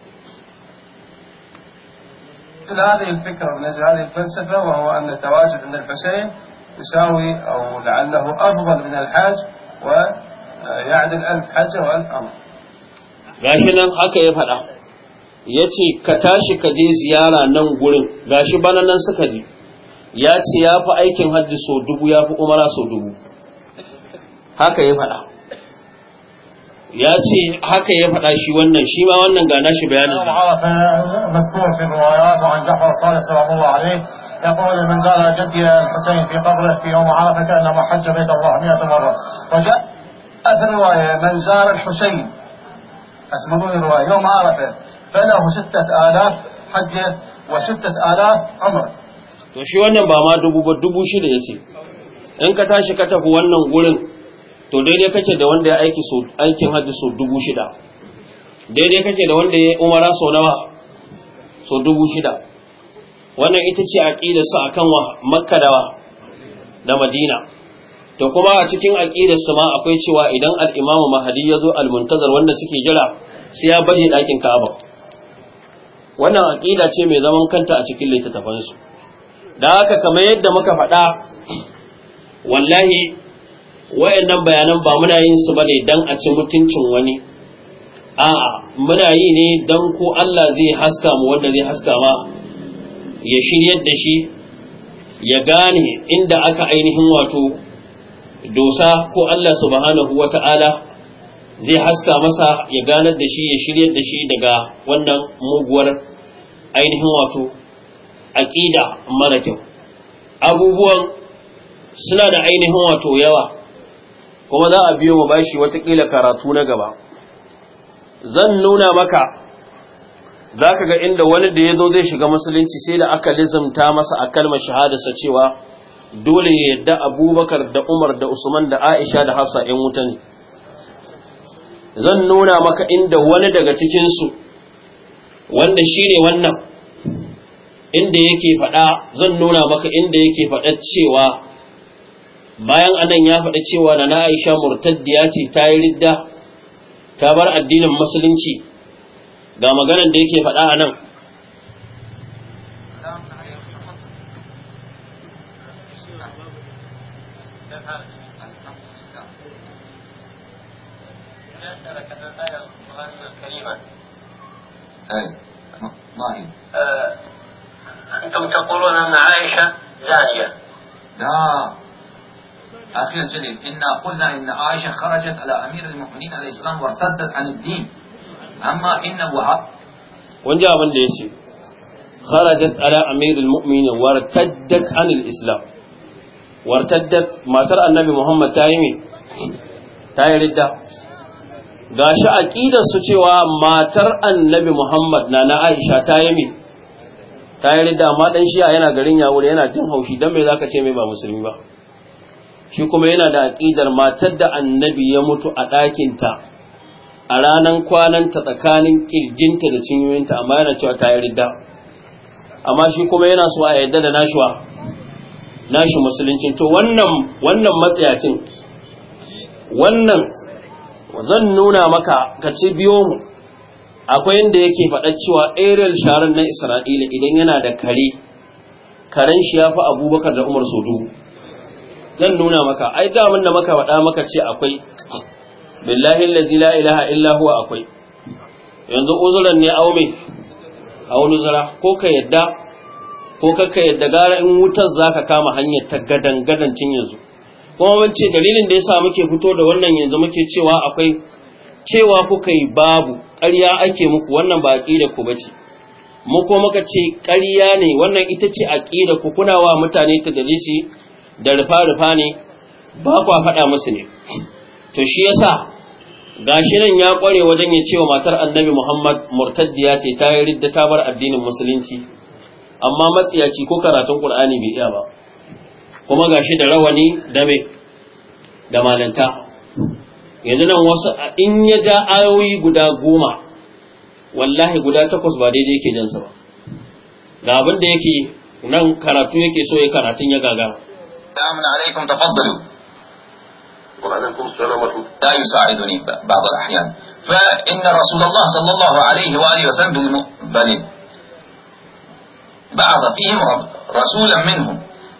مثل هذه الفكرة من أجل هذه الفلسفة وهو أن التواجد عند الحسين يساوي أو لعله أفضل من الحاج ويعدل ألف حجة وألف أمر gashi nan aka yi faɗa ya ce ka tashi ka je ziyara nan gurin gashi bana nan suka je ya ce ya fi aikin hajji so dubu ya fi umara so dubu haka ya faɗa يا يا سي ya ce haka ya faɗa مذكور في الروايات ma wannan gana shi الله sa يقول من زار جدي الحسين في قبره في يوم عرفه كانما حج بيت الله 100 مره وجاء في الروايه من زار الحسين اسمه من الروايه يوم عرفه فله 6000 حجه و6000 عمر تو شي wannan ba ma dubu ba dubu shida yace in ka to daidai kake da wanda ya aiki so aikin hajji so dubu shida daidai kake da wanda ya umara so nawa so dubu shida wannan ita ce aqidar su akan wa makka da wa da madina to kuma a cikin aqidar su ma akwai cewa idan al-imamu ya zo al muntazar wanda suke jira sai ya bari dakin ka'aba wannan aƙida ce mai zaman kanta a cikin littattafansu tafansu. da haka kamar yadda muka faɗa wallahi wayannan bayanan ba muna yin su bane dan a ci mutuncin wani a'a muna yi ne dan ko Allah zai haska mu wanda zai haska ma ya shirya da shi ya gane inda aka ainihin wato dosa ko Allah subhanahu wata'ala zai haska masa ya ganar da shi ya shirya da shi daga wannan muguwar ainihin wato aƙida mara kyau abubuwan suna da ainihin wato yawa kuma za a biyo wa bashi watakila karatu na gaba zan nuna maka za ka ga inda wani da ya zo zai shiga musulunci sai da aka lizamta masa a kalmar shahadarsa cewa dole ya yadda abubakar da umar da usman da aisha da hafsa 'yan wuta ne zan nuna maka inda wani daga cikinsu wanda shi ne wannan inda yake faɗa zan nuna maka inda yake faɗa cewa bayan anan ya faɗi cewa na na aisha murtaddiya ce ta yi ridda ta bar addinin musulunci ga maganar da yake faɗa a nan أنتم تقولون أن عائشة زانية لا آخر الجليل إنا قلنا إن عائشة خرجت على أمير المؤمنين عليه السلام وارتدت عن الدين أما إنه عب وانجا من ليسي خرجت على أمير المؤمنين وارتدت عن الإسلام وارتدت ما ترى النبي محمد تايمي تايم ردة gashi aqidar su cewa matar annabi Muhammad na na Aisha ta yi me ta yi ridda amma dan shi'a yana garin yawo yana jin haushi dan me zaka ce mai ba musulmi ba shi kuma yana da aƙidar matar da annabi ya mutu a ɗakinta a ranar kwananta tsakanin ƙirjinta da cinyoyinta amma yana cewa ta yi ridda amma shi kuma yana so a yadda da nashuwa nashi musulunci to wannan wannan matsayacin wannan zan nuna maka ka ci biyo mu akwai yadda yake faɗa cewa ariel sharon na isra'ila idan yana da kare karen shi ya fi abubakar da umar sodu zan nuna maka ai da mun da maka faɗa maka ce akwai billahi allazi la ilaha illa huwa akwai yanzu uzuran ne aume a wani zara ko ka yadda ko ka yadda gara in wutar zaka kama hanyar ta gadan gadan cin yanzu kuma mun ce dalilin da yasa muke fito da wannan yanzu muke cewa akwai cewa kuka yi babu ƙarya ake muku wannan ba aqida ku bace mu ko muka ce ƙarya ne wannan ita ce aqida ku kuna wa mutane ta dalisi da rufa-rufa ne ba kwa faɗa musu ne to shi yasa gashi nan ya kware wajen ya cewa matar annabi Muhammad murtaddiya ce ta yi ridda ta bar addinin musulunci amma matsiyaci ko karatun Kur'ani bai iya ba kuma gashi da rawani da mai, da malanta yanzu nan wasu in ya ja ayoyi guda goma wallahi guda takwas ba daidai yake jansa ba ga abin da yake nan karatu yake so ya karatun ya gagara السلام عليكم تفضلوا وعليكم السلام لا يساعدني بعض الأحيان فإن رسول الله صلى الله عليه وآله وسلم بالمقبل بعض فيهم رسولا منهم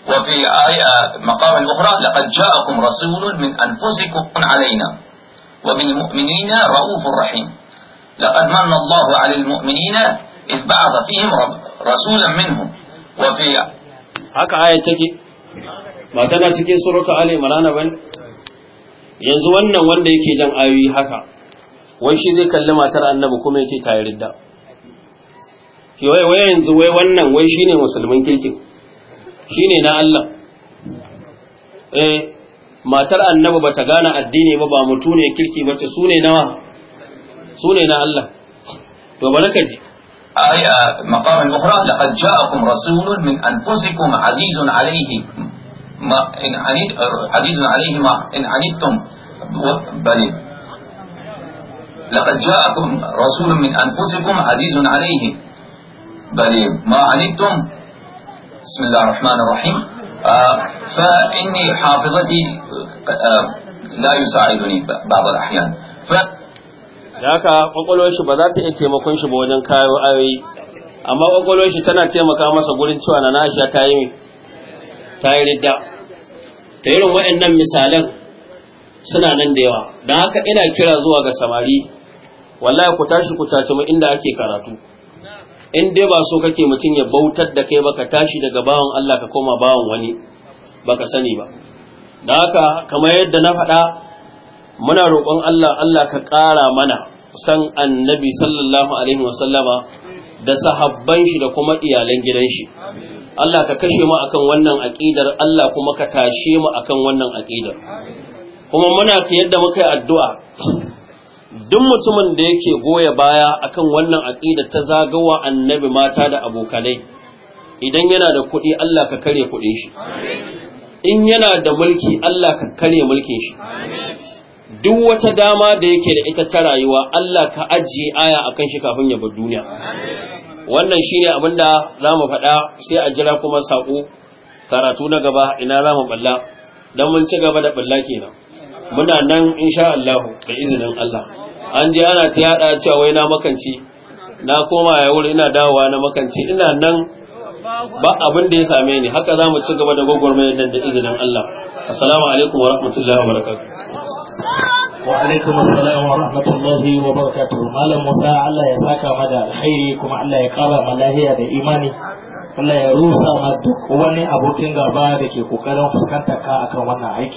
وفي آية مقام أخرى لقد جاءكم رسول من أنفسكم علينا وبالمؤمنين رؤوف رحيم لقد من الله على المؤمنين إذ بعث فيهم رسولا منهم وفي هكا آية تكي ba tana cikin suratu ali imran bane yanzu wannan wanda yake jan ayoyi haka wai shi zai kalli matar annabi kuma yace ta yarda ki wai wai yanzu wai wannan wai shine musulmin kirkin shine na Allah eh matar annabi bata gane addini ba ba mutu ne kirki bace sune nawa sune na Allah to baraka ji آية مقام أخرى لقد جاءكم رسول من أنفسكم عزيز عليه ما إن عنيت عزيز عليه ما إن عنيتم بل لقد جاءكم رسول من أنفسكم عزيز عليه بل ما عنيتم بسم الله الرحمن الرحيم آه، فإني حافظتي آه، لا يساعدني بعض الأحيان ف haka kwakwalwar shi ba za ta iya taimakon shi ba wajen kayo ayoyi amma kwakwalwar shi tana taimaka masa gurin cewa na ta yi ta yi ridda ta irin waɗannan misalan suna nan da yawa don haka ina kira zuwa ga samari wallahi ku tashi ku tace mu inda ake karatu in dai ba so kake mutum ya bautar da kai baka tashi daga bawan Allah ka koma bawan wani baka sani ba da haka kamar yadda na faɗa muna roƙon Allah Allah ka ƙara mana san annabi sallallahu alaihi wasallama da sahabban shi da kuma iyalan gidan shi Allah ka kashe mu akan wannan aƙidar Allah kuma ka tashe mu akan wannan aƙidar kuma muna ka yadda muka yi addu'a duk mutumin da yake goya baya akan wannan aƙidar ta zagawa annabi mata da abokanai idan yana da kuɗi Allah ka kare kuɗin shi in yana da mulki Allah ka kare mulkin shi duk wata dama da yake da ita ta rayuwa Allah ka ajiye aya akan shi kafin ya bar duniya wannan shine abin da za mu faɗa sai a jira kuma saƙo karatu na gaba ina za mu ɓalla don mun ci gaba da ɓalla kenan muna nan insha Allah da izinin Allah an je ana ta yaɗa cewa wai na makanci na koma ya wuri ina dawowa na makanci ina nan ba abin da ya same ni haka za mu ci gaba da gwagwarmayar nan da izinin Allah assalamu alaikum wa rahmatullahi wa barakatuh wa alaikum assalam wa rahmatullahi wa barakatuh malam musa Allah ya saka ma da alkhairi kuma Allah ya kara ma lahiya da imani Allah ya rusa ma duk wani abokin gaba da ke ƙoƙarin fuskantar ka akan wannan aiki